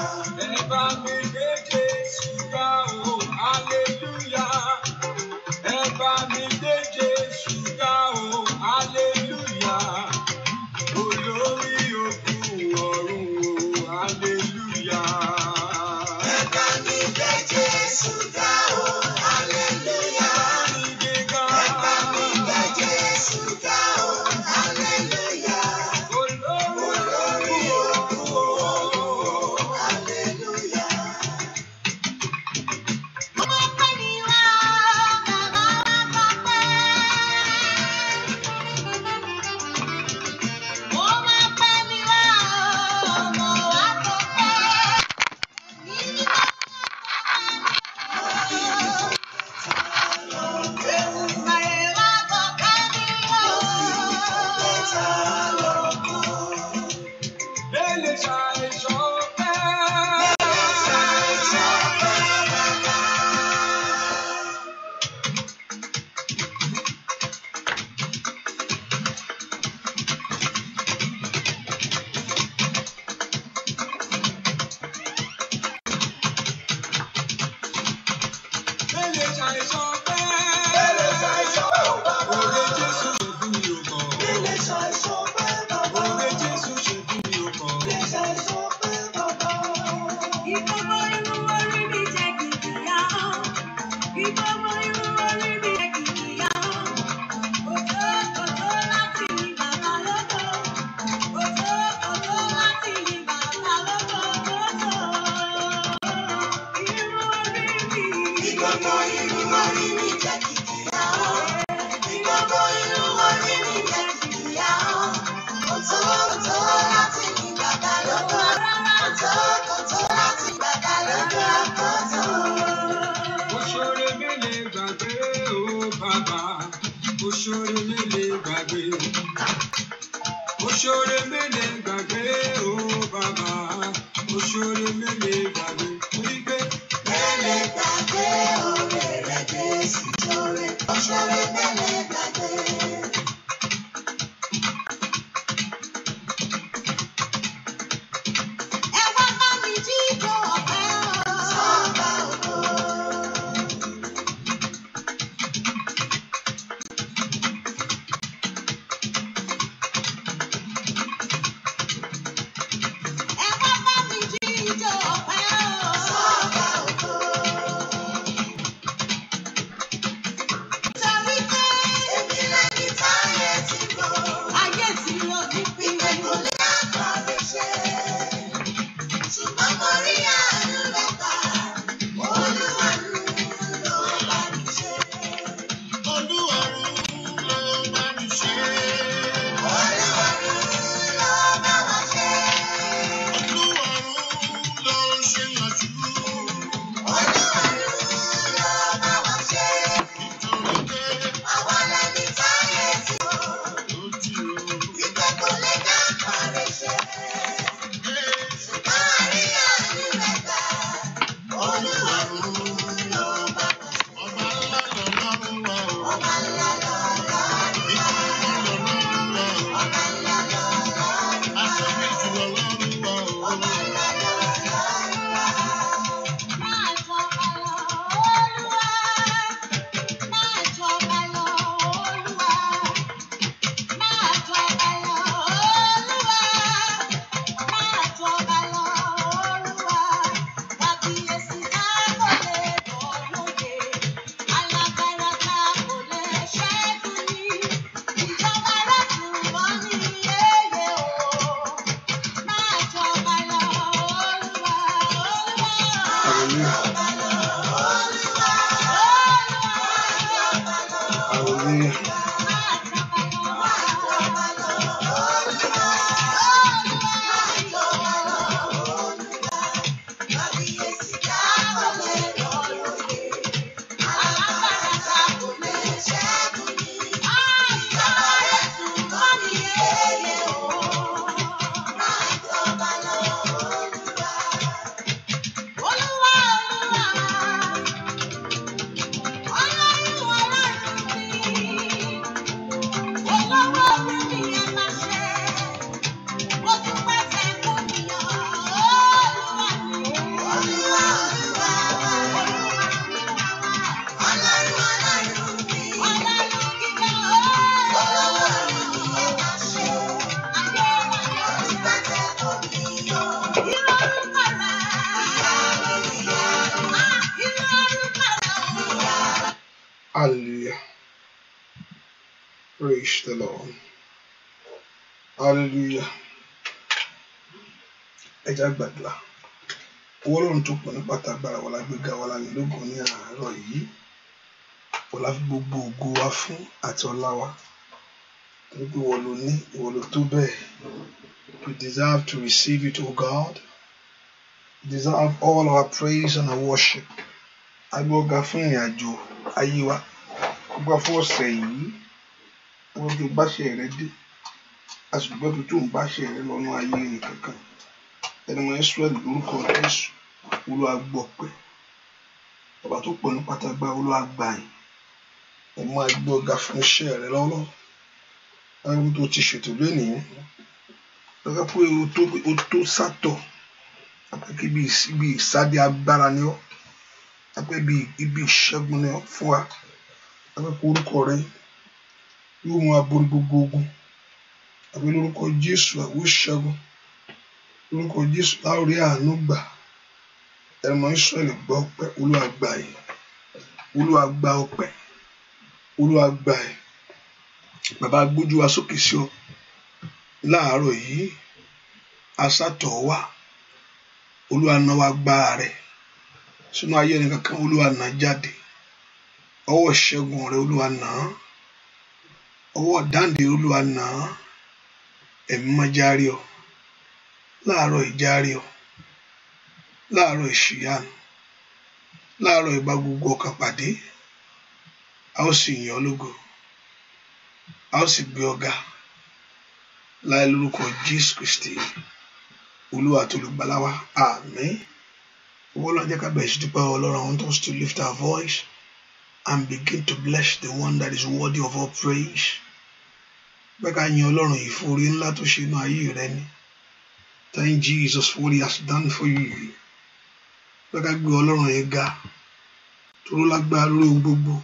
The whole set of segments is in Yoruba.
Anybody, We deserve to receive it o God you deserve all our praise and our worship agbọ́ga fún ìrìn àjò ayé wa gbọ́ga fún ọ̀sẹ̀ yìí wọ́n ti báṣẹ rẹ dé àsìkò tó tó ń báṣẹ rẹ lọ́nà ayé rẹ̀ kankan ẹni wọn Israẹli lórúkọ Jésù Olúwa gbọ́ pẹ́ bàbá tó pọ̀ ní pátágbá Olúwa gbà yín ẹ máa gbọ́ga fún iṣẹ́ rẹ lọ́wọ́ ohun tó ti ṣètò lónìí lọ́kàn pé o tó o tó sátọ̀ àpèké ibi ìsádi agbára ni ọ́ àpè ibi ìṣẹ́gun ni ọ́ fún wa àpè kó orúkọ rẹ yóò mú aborí gbogbo ogun àpè lórúkọ Jésù àwọn ìṣẹ́gun lórúkọ Jésù láòrí àánú gbà ẹ̀rọ Ísírẹ́lì gbọ́ ọpẹ́ Olúwa gbà yìí Olúwa gbà ọpẹ́ Olúwa gbà yìí bàbá gbójú wa sókè sí ọ láàárọ̀ yìí asátọ̀ wa olúwa náà wá gbára rẹ sínú ayé ẹni kankan olúwa náà jáde ọwọ́ ṣẹ́gun rẹ olúwa náà ọwọ́ dáǹdè olúwa náà ẹ̀mí má járe ọ láàárọ̀ ìjáre ọ láàárọ̀ ìṣìyànù láàárọ̀ ìbá gbogbo ọkàn pàdé a ó sì yìn ọ́ lógo a ó sì gbé ọ̀gá láì lórúkọ Jésù Kristi olúwa tó lùgbàlà wa àmín owó lọ́n jẹ́ ká bẹ̀rẹ̀ sí dúpẹ́ ọlọ́run I want us to lift our voice and begin to bless the one that is worthy of our praise bẹ́ẹ̀ ká yin ọlọ́run yìí fún orí ńlá tó ṣe inú ayé rẹ ni thank Jesus for what he has done for you bẹ́ẹ̀ ká gbé ọlọ́run yìí ga tó ló lágbára lórí ohun gbogbo.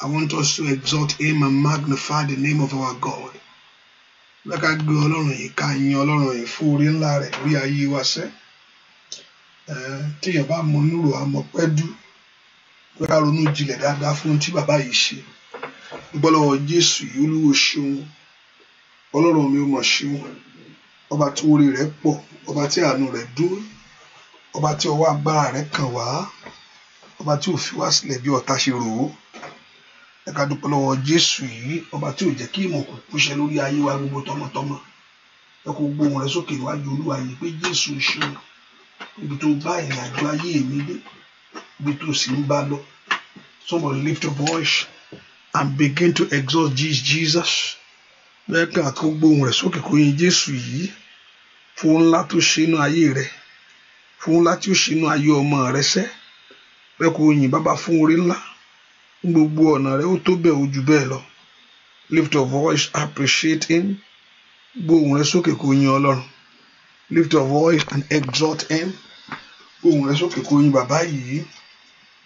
I want us to exalt him and magnify the name of our God. Bẹ́ẹ̀ ká gbé Ọlọ́run yìí ká yin Ọlọ́run yìí fún orí ńlá rẹ̀ lórí ayé wa sẹ́. Téèyàn bá mọ onírò àmọ́ pẹ́ dú. Bẹ́ẹ̀ ká ronú jinlẹ̀ dáadáa fún ohun tí bàbá yìí ṣe. Gbọ́lọ́wọ́ Jésù yìí olúwo ṣeun. Ọlọ́run mi ò mọ̀ ṣeun. Ọba tí orí rẹ̀ pọ̀, ọba tí àánú rẹ̀ dúró. Ọba tí ọwọ́ agbára rẹ̀ kàn wá. Ọba tí ò wá sílẹ̀ bí ọ̀tá ṣe rò ó ẹ ká lọ́wọ́ jésù yìí ọba tí ò jẹ́ kí ìmọ̀ òkùnkùn ṣẹ lórí ayé wa gbogbo tọmọtọmọ ẹ kó gbóhùn rẹ sókè níwájú olúwa yìí pé jésù ṣeun ibi tó bá ìrìn àjò ayé mi dé ibi tó sì ń bá lọ somebody lift your voice and begin to exalt jesus lẹ́ẹ̀kan àti gbóhùn rẹ sókè kó yin jésù yìí fún ńlá tó ṣe inú ayé rẹ fún ńlá tí ó ṣe inú ayé ọmọ rẹ sẹ́ ẹ kó yin fún orí ńlá gbogbo ọ̀nà rẹ ó tó bẹ́ẹ̀ ó jù bẹ́ẹ̀ lọ lift your voice appreciate him gbóhùn rẹ sókè kó yin ọlọ́run lift your voice and exalt him gbóhùn rẹ sókè kó yin bàbá yìí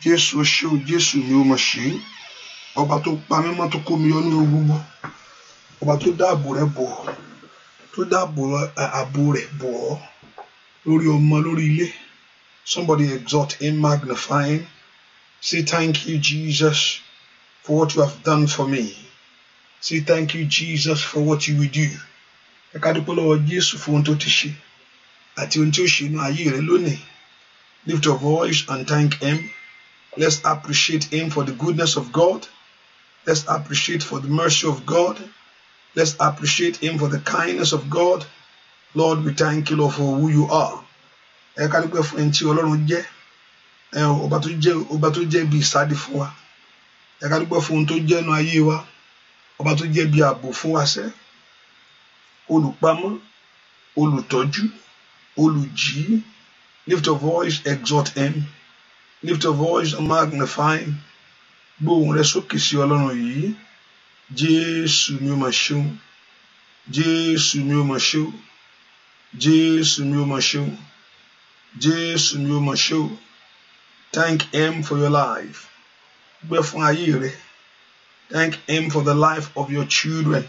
jésù ṣé o jésù ni o mọ̀ ṣe ọba tó pa mímọ́ tó kó mi yọ ní gbogbo ọba tó dáàbò rẹ bò ọ́ tó dáàbò ààbò rẹ bò ọ́ lórí ọmọ lórí ilé somebody exalt him magnify him. Say thank you, Jesus, for what you have done for me. Say thank you, Jesus, for what you will do. Ẹ ká dúpẹ́ lọ́wọ́ Jésù fún ohun tó ti ṣe àti ohun tí ó ṣe inú ayé rẹ lónìí. Lift your voice and thank him. Let's appreciate him for the goodness of God. Let's appreciate for the mercy of God. Let's appreciate him for the kindness of God. Lord, we thank you, Lord, for who you are. Ẹ ká dúpẹ́ fún ẹni tí Ọlọ́run jẹ́ ọba tó jẹ́ ọba tó jẹ́ bí ìsádi fún wa ẹ ká dúpẹ́ fún ohun tó jẹ́ ayé wa ọba tó jẹ́ bí ààbò fún wa sẹ́ olùpamọ́ olùtọ́jú olùjí lift your voice exalt him lift your voice magnify him gbóhùn rẹ sókè sí ọlọ́run yìí jésù mi ò mà ṣeun jésù mi ò mà ṣeun jésù mi ò mà ṣeun jésù mi ò mà ṣeun. Thank Him for your life. Gbé fún ayé rẹ. Thank Him for the life of your children.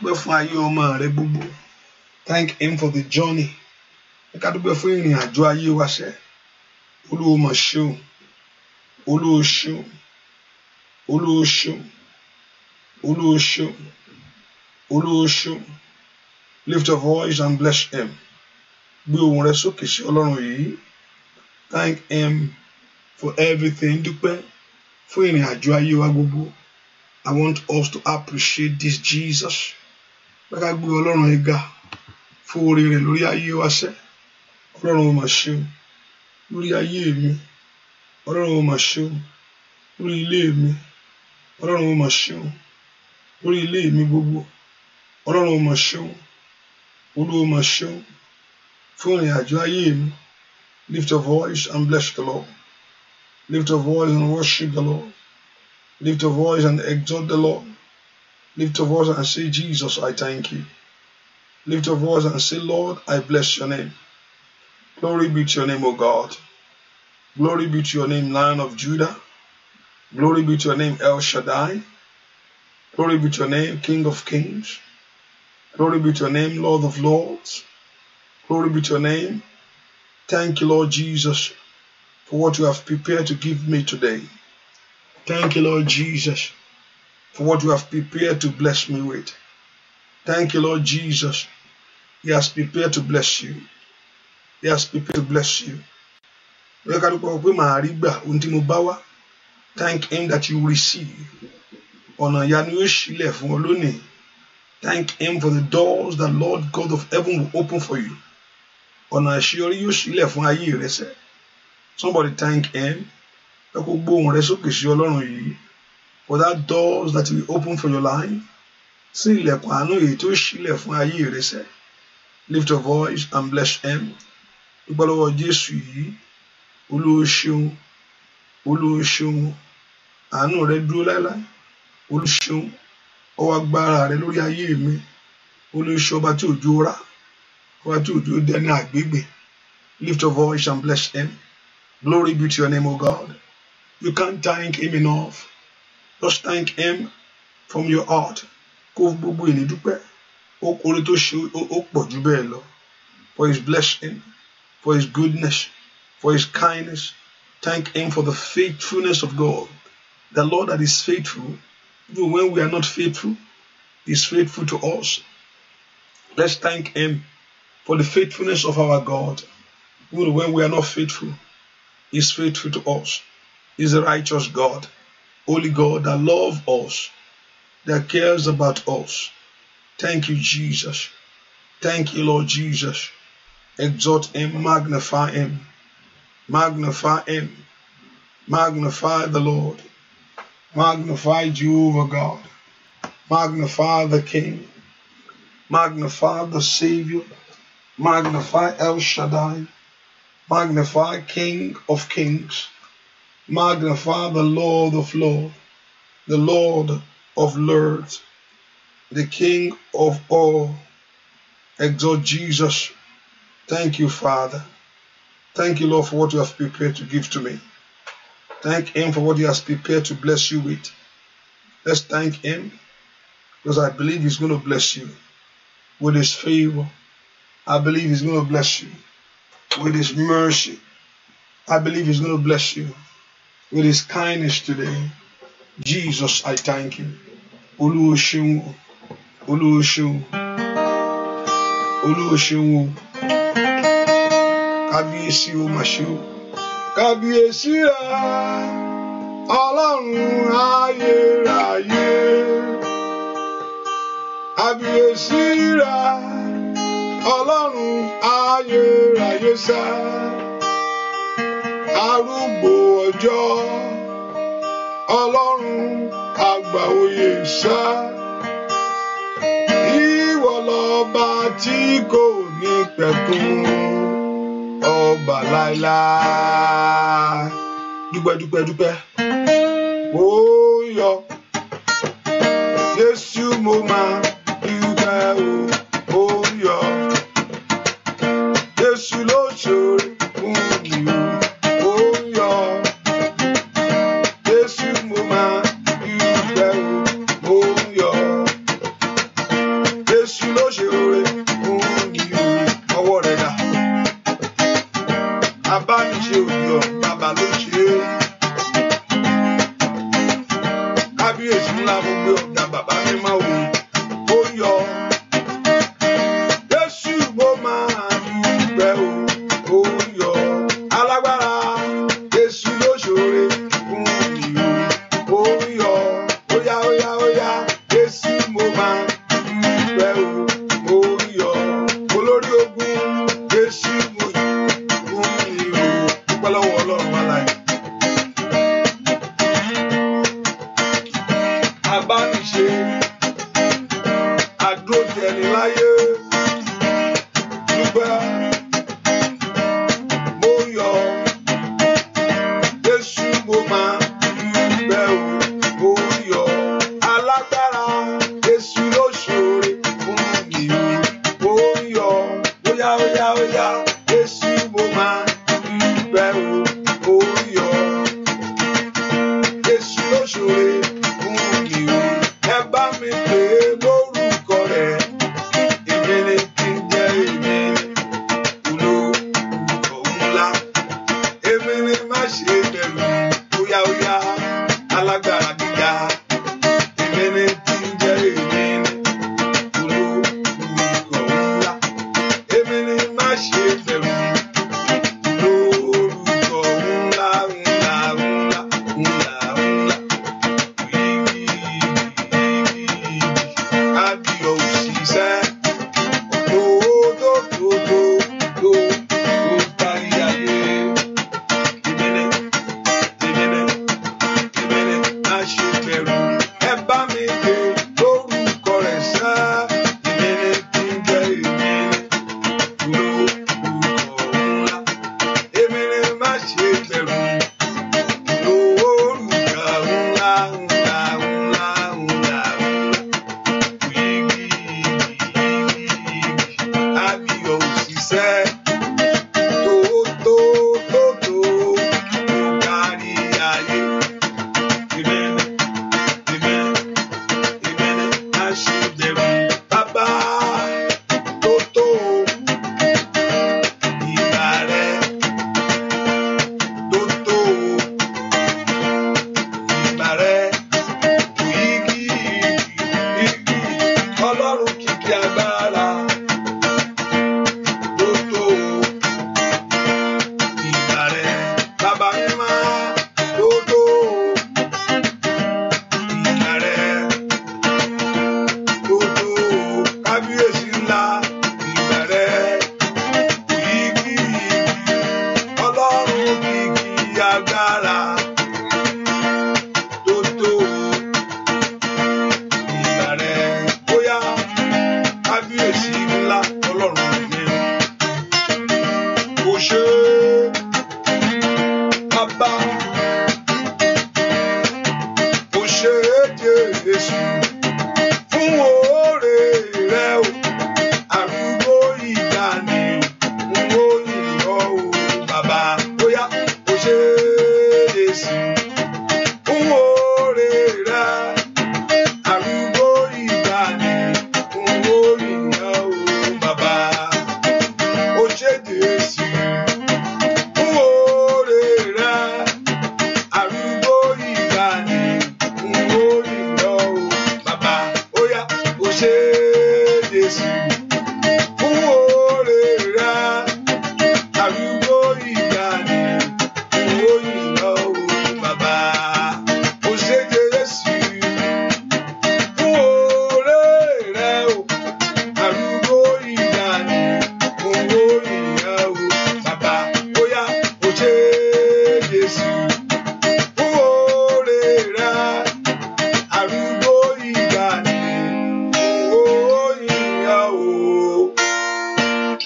Gbé fún ayé ọmọ rẹ gbogbo. Thank Him for the journey. Ẹ ká dúpẹ́ fún ìrìn àjò ayé wa ṣe. Olúwo mọ̀ ṣeun. Olúwo ṣeun. Olúwo ṣeun. Olúwo ṣeun. Olúwo ṣeun. Lift your voice and bless Him. Gbé ohùn rẹ sókè sí Ọlọ́run yìí. Thank Him for everything. Dúpẹ́ fún ìrìn àjò ayé wa gbogbo. I want us to appreciate this Jesus. Bẹ́ẹ̀ ká gbé Ọlọ́run ẹ̀ ga fún oore rẹ̀ lórí ayé wa sẹ́. Ọlọ́run ò mà ṣe o lórí ayé mi. Ọlọ́run ò mà ṣe o lórí ilé mi. Ọlọ́run ò mà ṣe o lórí ilé mi gbogbo. Ọlọ́run ò mà Olúwo mà ṣe fún ìrìn àjò ayé mi. Lift your voice and bless the Lord. Lift a voice and worship the Lord. Lift a voice and exalt the Lord. Lift a voice and say, Jesus, I thank you. Lift a voice and say, Lord, I bless your name. Glory be to your name, O God. Glory be to your name, Lion of Judah. Glory be to your name, El Shaddai. Glory be to your name, King of Kings. Glory be to your name, Lord of Lords. Glory be to your name. Thank you, Lord Jesus for what you have prepared to give me today. Thank you, Lord Jesus, for what you have prepared to bless me with. Thank you, Lord Jesus. He has prepared to bless you. He has prepared to bless you. Thank him that you receive. Thank him for the doors that Lord God of heaven will open for you. Somebody thank him. Ẹ kó gbóhùn rẹ sókè sí Ọlọ́run yìí. For that doors that will open for your life. Sí ilẹ̀kùn àánú èyí tó ṣílẹ̀ fún ayé rẹ Lift your voice and bless him. Dúpẹ́ lọ́wọ́ Jésù yìí. Olúwa ṣeun. Olúwa ṣeun. Àánú rẹ dúró láéláé. Olúwa ṣeun. Ọwọ́ agbára rẹ lórí ayé mi. Olúwa ṣe ọba tí òjò rà. Ọba tí òjò dẹni àgbègbè. Lift your voice and bless him. Glory be to your name, O God. You can't thank Him enough. Just thank Him from your heart. For His blessing, for His goodness, for His kindness. Thank Him for the faithfulness of God. The Lord that is faithful, even when we are not faithful, is faithful to us. Let's thank Him for the faithfulness of our God, even when we are not faithful is faithful to us, is a righteous God, holy God that loves us, that cares about us. Thank you, Jesus. Thank you, Lord Jesus. Exalt him, magnify him, magnify him, magnify the Lord, magnify Jehovah God, magnify the King, magnify the Savior, magnify El Shaddai. Magnify King of Kings. Magnify the Lord of Lords, the Lord of Lords, the King of all. Exalt Jesus. Thank you, Father. Thank you, Lord, for what you have prepared to give to me. Thank Him for what He has prepared to bless you with. Let's thank Him because I believe He's going to bless you with His favor. I believe He's going to bless you with His mercy. I believe He's going to bless you with His kindness today. Jesus, I thank you. Olúwa ṣeun Olúwa ṣeun Olúwa ṣeun kábíyèsí o mà ṣe o kábíyèsí rẹ ọlọ́run ayérayé kábíyèsí rẹ ọlọ́run ayérayé sá arúgbó ọjọ́ ọlọ́run àgbà oyè sá ìwọ lọ́ba tí kò ní pẹ̀kun ọba láíláí dúpẹ́ dúpẹ́ dúpẹ́ ó yọ Jésù mo máa dúpẹ́ o.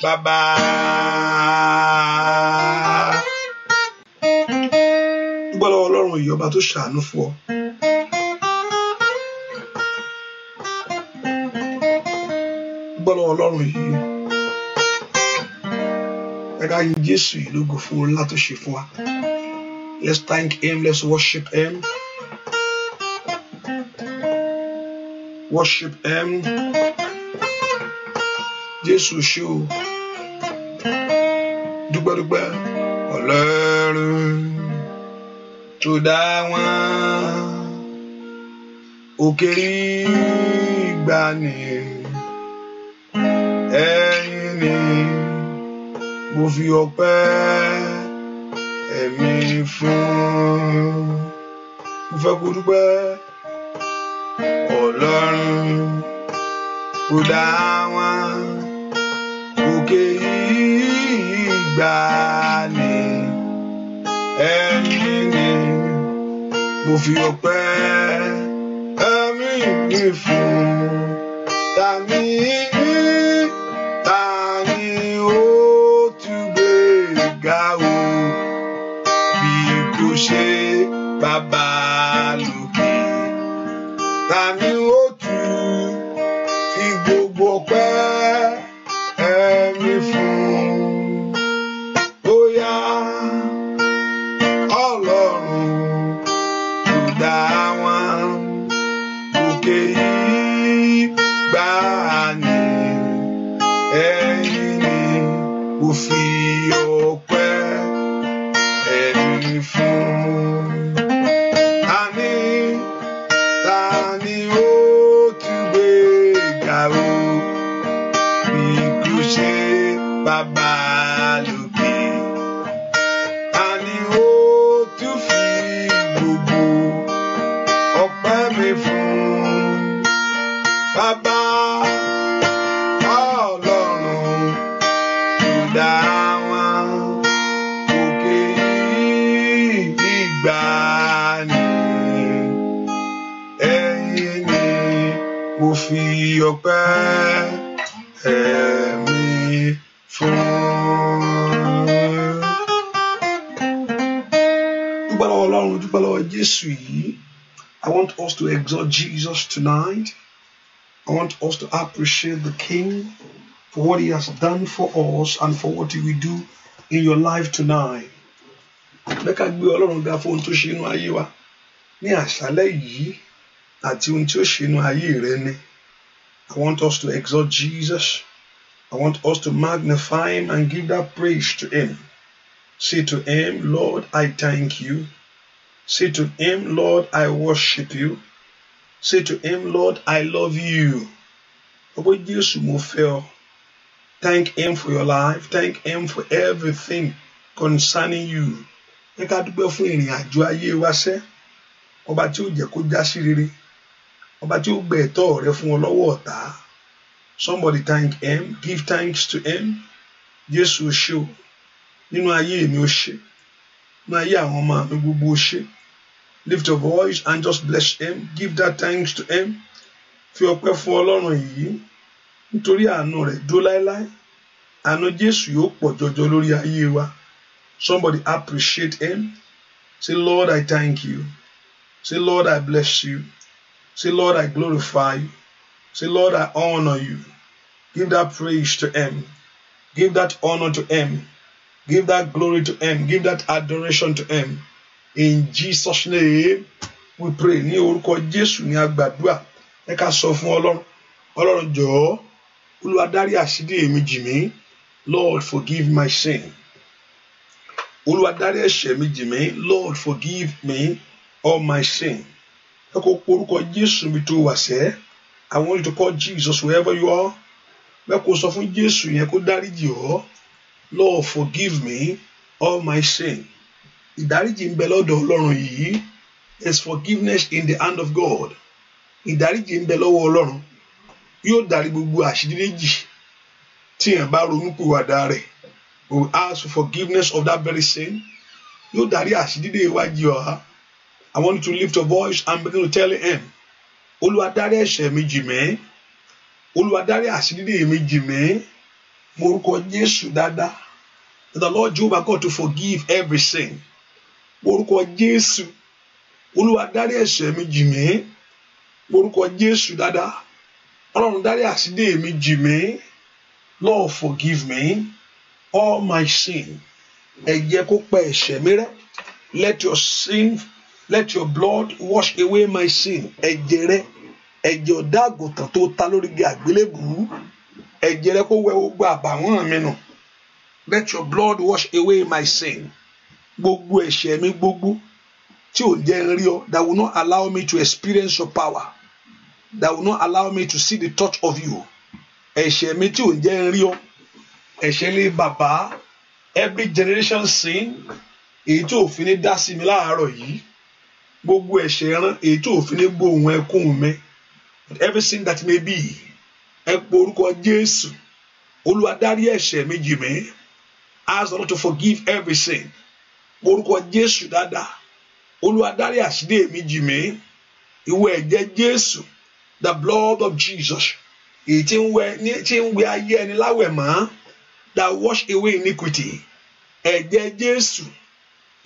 bàbá. gbọ́dọ̀ ọlọ́run ìyọba tó ṣàánú fún ọ. gbọ́dọ̀ ọlọ́run yìí ẹ̀ka jésù yìí ló gò fún un láti ṣe fún wa let's thank him let's worship him. Worship him. Jésù ṣe o dúpẹ́dúpẹ́ ọlọ́run tó dá wọn òkè ìgbàanì ẹ̀yin ni mo fi ọpẹ́ ẹ̀mí fún mo fẹ́ kó dúpẹ́ ọlọ́run tó dá gbani ẹni ni mo fi ọpẹ́ ẹ̀mí mi fún tàmí mi tani ó tún gbé ga o bí kò ṣe bàbá. this week, I want us to exalt Jesus tonight. I want us to appreciate the King for what he has done for us and for what he will do in your life tonight. Lẹ́ka gbé Ọlọ́run ga fún ohun tó ṣe inú ayé wa I want us to exalt Jesus. I want us to magnify him and give that praise to him. Say to him, Lord, I thank you. Say to him, Lord, I worship you. Say to him, Lord, I love you. Ọpẹ́ Jésù mo fẹ́ ọ. Thank him for your life. Thank him for everything concerning you. Ẹ ká dúpẹ́ fún ìrìn àjò ayé wa sẹ́. Ọba tí ó jẹ́ kó já sí rere. Ọba tí ó gbẹ ẹ̀tọ́ rẹ fún ọ lọ́wọ́ ọ̀tá. Somebody thank him. Give thanks to him. Jésù o ṣé o. Nínú ayé mi o ṣé nú ayé àwọn ọmọ mi gbogbo lift your voice and just bless him give that thanks to him fi ọpẹ́ fún Ọlọ́run yìí nítorí àánú rẹ̀ dó láéláé àánú Jésù yóò pọ̀ jọjọ lórí ayé wa somebody appreciate him say Lord I thank you say Lord I bless you say Lord I glorify you say Lord I honour you give that praise to him give that honour to him. Give that glory to Him. Give that adoration to Him. In Jesus' name, we pray. Ní orúkọ Jésù ni a gbàdúrà. Ẹ ká sọ fún Ọlọ́run. Ọlọ́run jọ̀ọ́. Olúwa dárí àṣírí èmi jì mí. Lord forgive my sin. Olúwa dárí ẹ̀ṣẹ̀ mi jì mí. Lord forgive me all my sin. Ẹ kò porúkọ Jésù mi tó wà sẹ́. I want you to call Jesus wherever you are. Bẹ́ẹ̀ kò sọ fún Jésù yẹn kó dáríjì ọ́. Lord forgive me all my sin. Ìdáríjì ń bẹ lọ́dọ̀ Ọlọ́run yìí. is forgiveness in the hand of God. Ìdáríjì ń bẹ lọ́wọ́ Ọlọ́run. Yóò dárí gbogbo àṣíríjì tí èèyàn bá ronúpìwàdà rẹ̀. We will ask for forgiveness of that very sin. Yóò dárí àṣírídé iwájú ọ̀há. I want you to lift your voice and begin to tell him. Olúwa dárí ẹ̀ṣẹ̀ mi jì mí. Olúwa dárí àṣírídé mi jì mí. Mo rúkọ Jésù dáadáa the Lord Jehovah God to forgive every sin. Orúkọ Jésù, Olúwa dárí ẹ̀ṣẹ̀ mi jì mí. Orúkọ Jésù dáadáa, Ọlọ́run dárí àṣìdé mi jì mí. Lord forgive me all my sin. Ẹ jẹ́ kó pa ẹ̀ṣẹ̀ mi rẹ́. Let your sin, let your blood wash away my sin. Ẹ̀jẹ̀ rẹ, ẹ̀jẹ̀ ọ̀dà àgùntàn tó ta lórí àgbélébùú. Ẹ̀jẹ̀ rẹ kó wẹ gbogbo àbàwọ́n mi nù. No let your blood wash away my sin gbogbo ẹ̀ṣẹ̀ mi gbogbo tí ò jẹ́ ń rí ọ that will not allow me to experience your power that will not allow me to see the touch of you ẹ̀ṣẹ̀ mi tí ò jẹ́ ń rí ọ ẹ̀ṣẹ̀ lé bàbá every generation sin èyí tí òfin dá sí mi láàárọ̀ yìí gbogbo ẹ̀ṣẹ̀ rán èyí tí òfin ní gbóhùn ẹkún mi everything that may be ẹ pe orúkọ Jésù Olúwa ẹ̀ṣẹ̀ mi jì mí ask the Lord to forgive every sin orúkọ Jésù dada, Olúwa dárí àṣírí èmi jì mí ìwọ ẹ̀jẹ̀ Jésù the blood of Jesus èyí tí ń wẹ ní tí ń wẹ ayé ẹni láwẹ̀ mọ́ that wash away iniquity ẹ̀jẹ̀ Jésù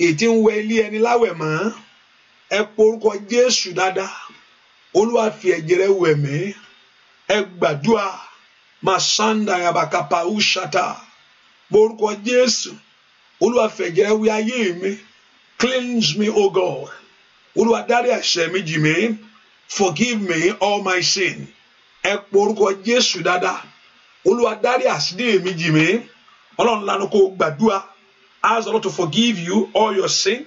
èyí tí ń wẹ ilé ẹni láwẹ̀ mọ́ ẹ po orúkọ Jésù dáadáa Olúwa fi ẹ̀jẹ̀ rẹ̀ wẹ̀ mí ẹ gbàdúrà masanda yabakapa ushata. Borúkọ Jésù, Olúwa fẹ̀jẹ̀ wí ayé mi, cleanse me o God. Olúwa dárí ẹ̀ṣẹ̀ mi jì mí, forgive me all my sin. Ẹ porúkọ Jésù dáadáa. Olúwa dárí àsídì mi jì mí. Ọlọ́run lanu kó gbàdúrà. Ask the Lord to forgive you all your sin.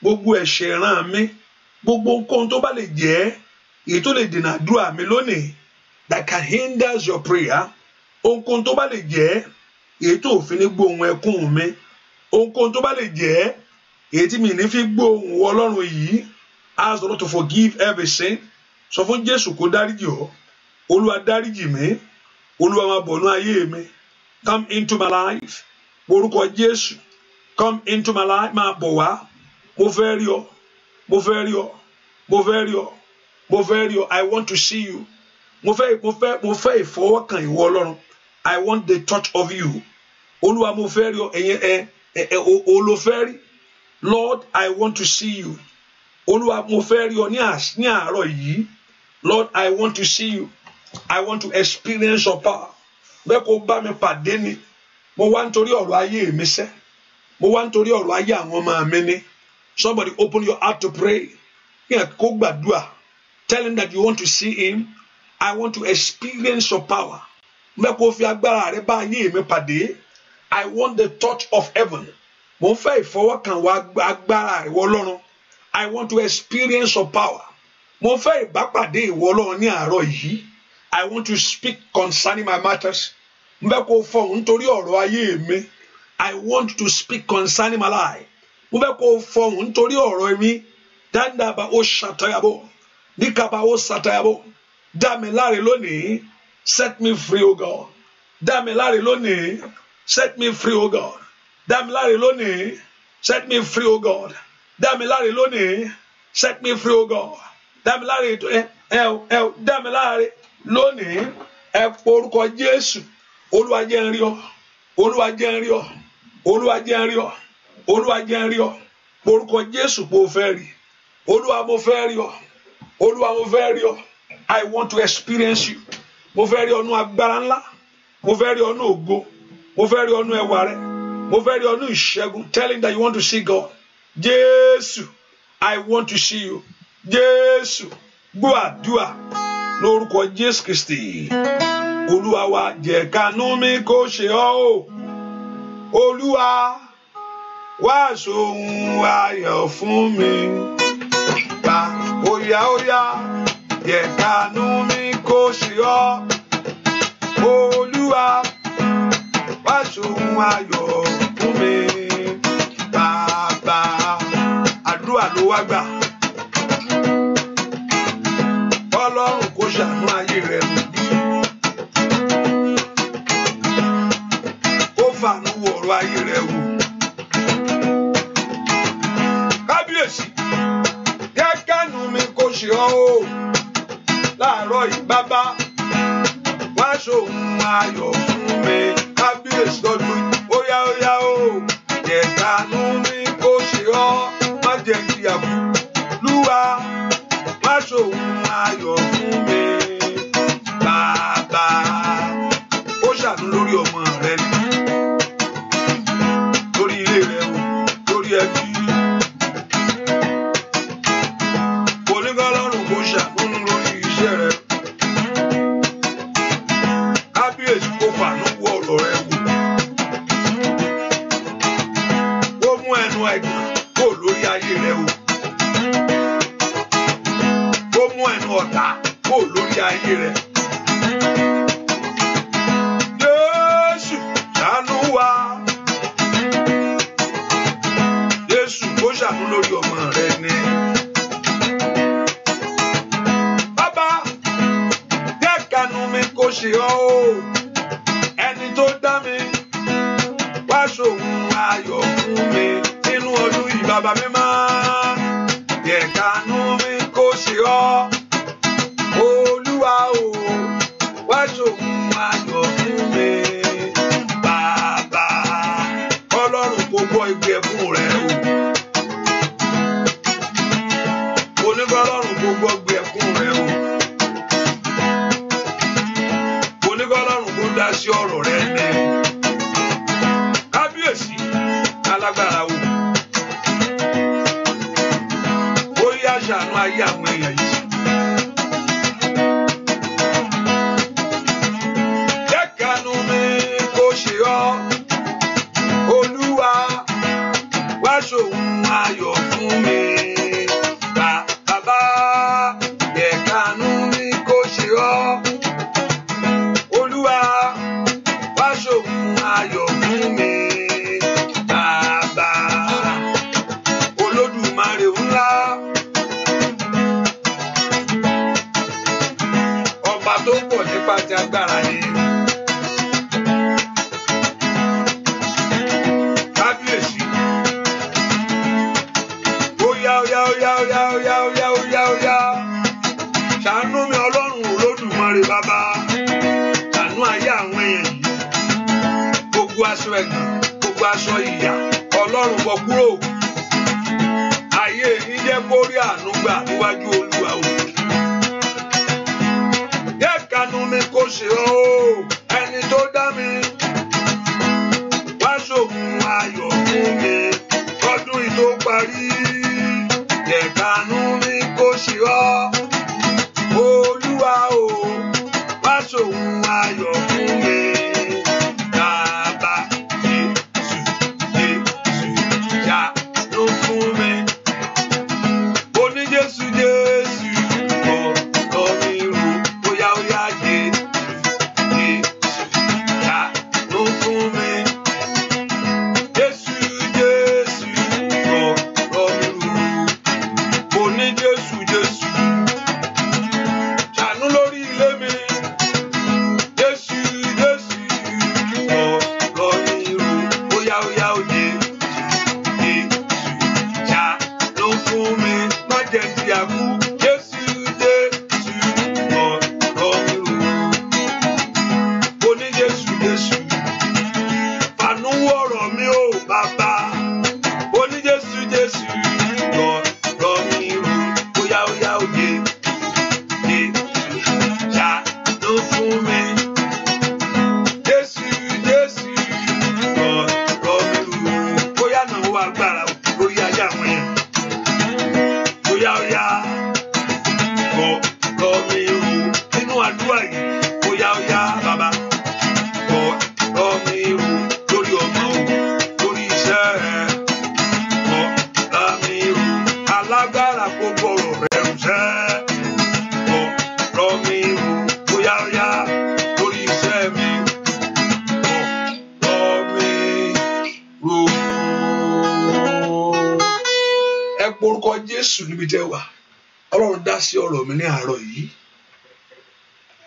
Gbogbo ẹ̀ṣẹ̀ ìran mi. Gbogbo nǹkan tó bá lè jẹ́ èyí tó lè dènà àdúrà mi lónìí that can hinder your prayer. Ohunkóhun tó bá lè jẹ́ èyí tó fi ní gbóhùn ẹkún mi ohunkóhun tó bá lè jẹ́ èyí tí mi ní fi gbóhùn ọlọ́run yìí ask the to forgive everything sọ fún jésù kó dáríjì ọ́ olúwa dáríjì mi olúwa máa bọ̀ ní ayé mi come into my life orúkọ jésù come into my life máa bọ̀ wá mo fẹ́ rí ọ mo fẹ́ rí ọ mo fẹ́ rí ọ mo fẹ́ rí ọ i want to see you mo fẹ́ mo fẹ́ mo fẹ́ ìfọwọ́kàn ìwọ ọlọ́run i want the touch of you olúwa mo fẹ́ rí ọ ẹ̀yẹn ẹ ẹ olùfẹ́ rí lord i want to see you olúwa mo fẹ́ rí ọ ní àárọ̀ yìí lord i want to see you i want to experience your power bẹ́ẹ̀ kó bá mi pàdé ni mo wá nítorí ọ̀rọ̀ ayé mi sẹ́ mo wá nítorí ọ̀rọ̀ ayé àwọn ọmọ mi ni somebody open your heart to pray yẹn kó gbàdúrà tell him that you want to see him i want to experience your power bẹ́ẹ̀ kó fi agbára rẹ bá ayé mi pàdé. I want the touch of heaven. Mo ń fẹ́ ìfọwọ́kàn agbára ìwọ Ọlọ́run. I want to experience your power. Mo fẹ́ ìbápàdé ìwọ Ọlọ́run ní àárọ̀ yìí. I want to speak concerning my matters. N bẹ́ kó fọhùn nítorí ọ̀rọ̀ ayé mi. I want to speak concerning my life. Mo fẹ́ kó fọhùn nítorí ọ̀rọ̀ mi. Dáńdàbà ó ṣàtọ̀yàbọ̀. Níkàbà ó ṣàtọ̀yàbọ̀. Dá mi láre lónìí. Set me free, O God. Dá mi láre lónìí set me free o God Damilare mi lónìí set me free o God Damilare mi lónìí set me free o God Damilare. mi láre ẹ ẹ ẹ dá mi láre lónìí ẹ porúkọ Jésù Olúwa jẹ́ n rí ọ Olúwa jẹ́ n rí ọ Olúwa jẹ́ porúkọ Jésù pé fẹ́ rí Olúwa mo fẹ́ rí ọ mo fẹ́ rí I want to experience you mo fẹ́ rí ọ nú agbára ńlá mo fẹ́ rí ọ nú mo fẹ́ rí ọnú ẹwà rẹ mo fẹ́ rí ọnú ìṣẹ́gun tell that you want to see God Jésù I want to see you Jésù gbọ́ àdúrà lórúkọ Jésù Kristi olúwa wa jẹ́ kánú mi kó ṣe ọ́ o olúwa wá sóhun ayọ̀ fún mi gbà óyá óyá jẹ́ kánú mi kó ṣe ọ́ olúwa sun ayọ̀ fún mi bàbá àdúrà ló wá gbà ọlọ́run kò ṣàánú ayé rẹ kó fàánú wọ ayé rẹ wò. kábíyèsí kẹ́kẹ́nu mi kò ṣe ọ́ o láàárọ̀ yìí bàbá wá ṣòun ayọ̀ fún mi. i gonna been a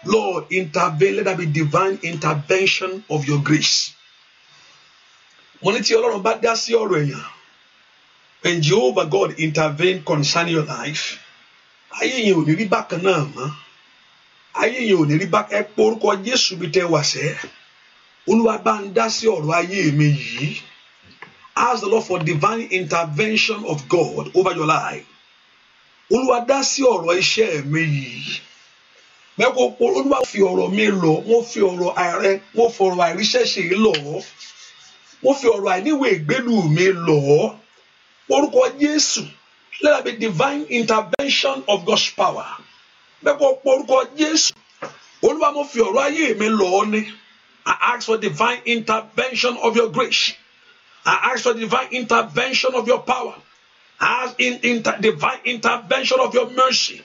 Lord, intervene. Let there be divine intervention of your grace. Mo ní tí Ọlọ́run bá dá When Jehovah God intervene concerning your life, ayé you ò ní rí bákan náà mọ́. Ayé yẹn ò ní rí bákan ẹ pé orúkọ Jésù was tẹ wà sẹ́. Olúwa sí ọ̀rọ̀ ayé mi Ask the Lord for divine intervention of God over your life. olúwa dá sí ọ̀rọ̀ iṣẹ́ mi yìí mẹ́kọ̀ olúwa fi ọ̀rọ̀ mi lọ wọ́n fi ọ̀rọ̀ ààrẹ wọ́n fi ọ̀rọ̀ àìríṣẹ́ṣe lọ wọ́n fi ọ̀rọ̀ àìníwèé ìgbélú mi lọ orúkọ Jésù let there be divine intervention of God's power mẹ́kọ̀ orúkọ Jésù olúwa mo fi ọ̀rọ̀ ayé mi lọ ni I ask for divine intervention of your grace I ask for divine intervention of your power as in inter divine intervention of your mercy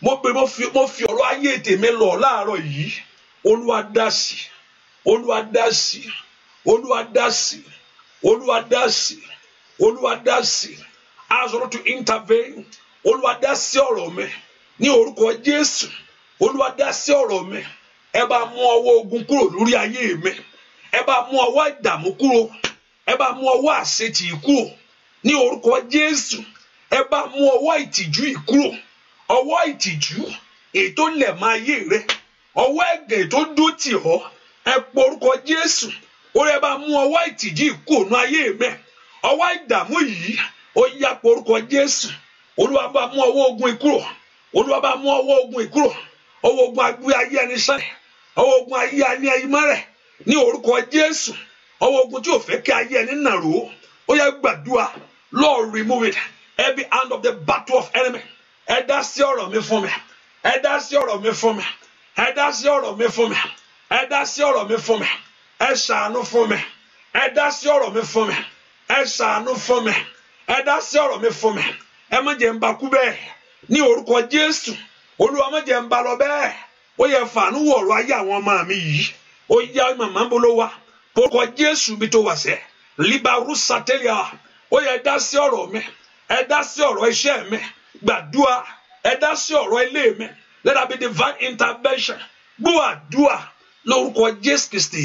mo pè mo fi mo fi ọ̀rọ̀ ayé ètè mi lọ láàárọ̀ yìí olúwa dá sí olúwa dá as ọ̀rọ̀ to intervene olúwa dá sí ọ̀rọ̀ mi ní orúkọ jésù olúwa dá sí ọ̀rọ̀ mi ẹ bá mú ọwọ́ ogun kúrò lórí ayé mi ẹ bá mú ọwọ́ ìdààmú kúrò ẹ bá mú ọwọ́ àṣetì kúrò. ní orúkọ Jésù ẹ bá mú ọwọ́ ìtìjú yìí kúrò ọwọ́ ìtìjú ètò lẹ̀ máa yé rẹ ọwọ́ ẹ̀gẹ̀ tó dún tì ọ́ ẹ pọ orúkọ Jésù ó rẹ bá mú ọwọ́ ìtìjú yìí nú ayé mẹ ọwọ́ ìdààmú yìí ó yá pọ orúkọ Jésù Olúwa bá ogun ìkúrò Olúwa bá ogun ìkúrò ọwọ́ ogun agbé ogun ayé ẹni ẹyin ní orúkọ Jésù ogun tí ò fẹ́ kí ayé ẹni nàró ó yẹ Lord, remove it. Every hand of the battle of enemy. Ẹ̀dá ọ̀rọ̀ me fún me Ẹ̀dá ọ̀rọ̀ me fún me Ẹ̀dá ọ̀rọ̀ me fún me Ẹ ṣàánú fún mi. Ẹ̀dá ọ̀rọ̀ mi fún Ẹ bẹ́ẹ̀. Ní Jésù, Olúwa lọ O yẹ ayé àwọn ọmọ mi yìí. O wa. Liba ó yẹ dá sí ọ̀rọ̀ mi ẹ dá sí ọ̀rọ̀ iṣẹ́ mi dua, ẹ dá sí ọ̀rọ̀ ilé mi let that be divine intervention Dua, àdúà lórúkọ Jésù Kristi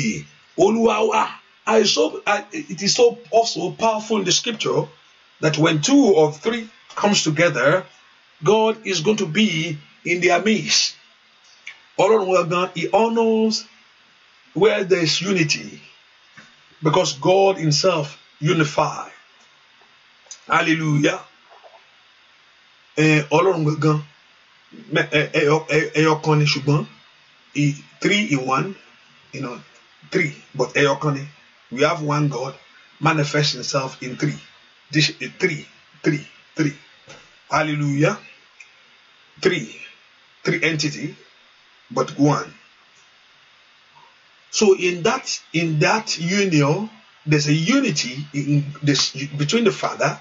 olúwa wa I so I, it is so also powerful in the scripture that when two or three comes together God is going to be in their midst ọlọ́run he honours where there is unity because God himself unifies. hallelujah ọlọ́run gangan ẹyọ kan ni ṣùgbọ́n three in one you know, three but ẹyọ kan ni we have one God manifest himself in three this eh, three three three hallelujah three three entity but one so in that in that union there's a unity in this between the Father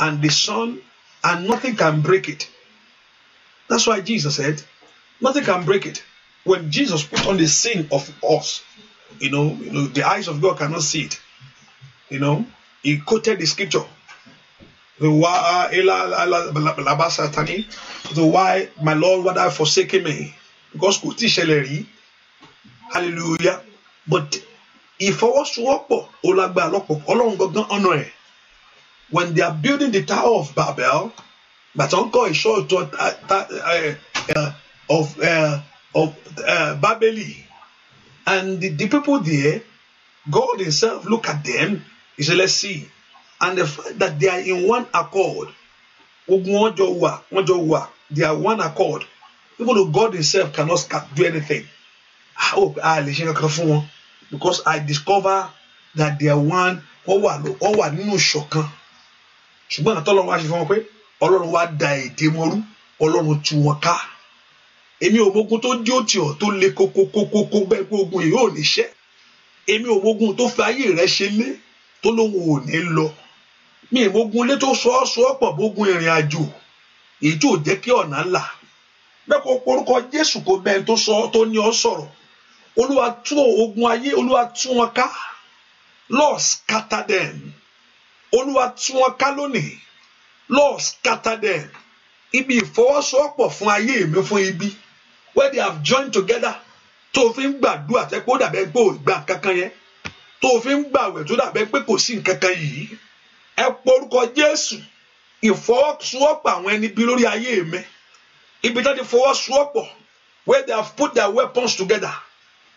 and the sun, and nothing can break it. That's why Jesus said, nothing can break it. When Jesus put on the sin of us, you know, you know, the eyes of God cannot see it. You know, he quoted the scripture. The why my Lord would have forsaken me. Because kò tí ì ṣẹlẹ̀ rí. Hallelujah. But ìfọwọ́sowọ́pọ̀ ó lágbára lọ́pọ̀ Ọlọ́run gangan when they are building the Tower of Babel, but uncle is short to, uh, uh, uh, uh, of uh, of uh, Babeli, and the, the people there, God Himself look at them. He said, "Let's see," and the fact that they are in one accord, they are one accord. Even though God Himself cannot do anything, because I discover that they are one. Wọ́n wà nínú ìṣọ̀kan ṣùgbọ́n àtọ́lọ́run wá ṣe fún wọn pé ọlọ́run wá da èdè wọn rú ọlọ́run tú wọn ká èmi ò mogun tó dí òtì ọ̀ tó le kókókókókó bẹ́ẹ̀ pé ogun yìí ò ní ṣẹ́ èmi ò tó fi ayé rẹ ṣe lé tó lóun ò ní lọ mi ì mogun lé tó sọ ọ́ sọ ọ́ pọ̀ bógun ìrìn àjò èyí tí ò jẹ́ kí ọ̀nà là bẹ́ẹ̀ kó orúkọ Jésù kó bẹ́ẹ̀ tó sọ tó ní ọ sọ̀rọ̀ olúwa tú ogun ayé olúwa tú wọn ká Lord scatter them olúwa tú wọn ká lónìí lord scatter them ibi ìfọwọ́sowọ́pọ̀ fún ayé mi fún ibi where they have joined together tó o fi ń gbàdúrà tẹ́ pé ó dàbẹ́ pé ò gbà kankan yẹn tó o fi ń gbàwẹ̀ tó dàbẹ́ pé kò sí nǹkan kan yìí ẹ porúkọ jésù ìfọwọ́sowọ́pọ̀ àwọn ẹni bí lórí ayé mi ibi tá ti fọwọ́sowọ́pọ̀ where they have put their weapons together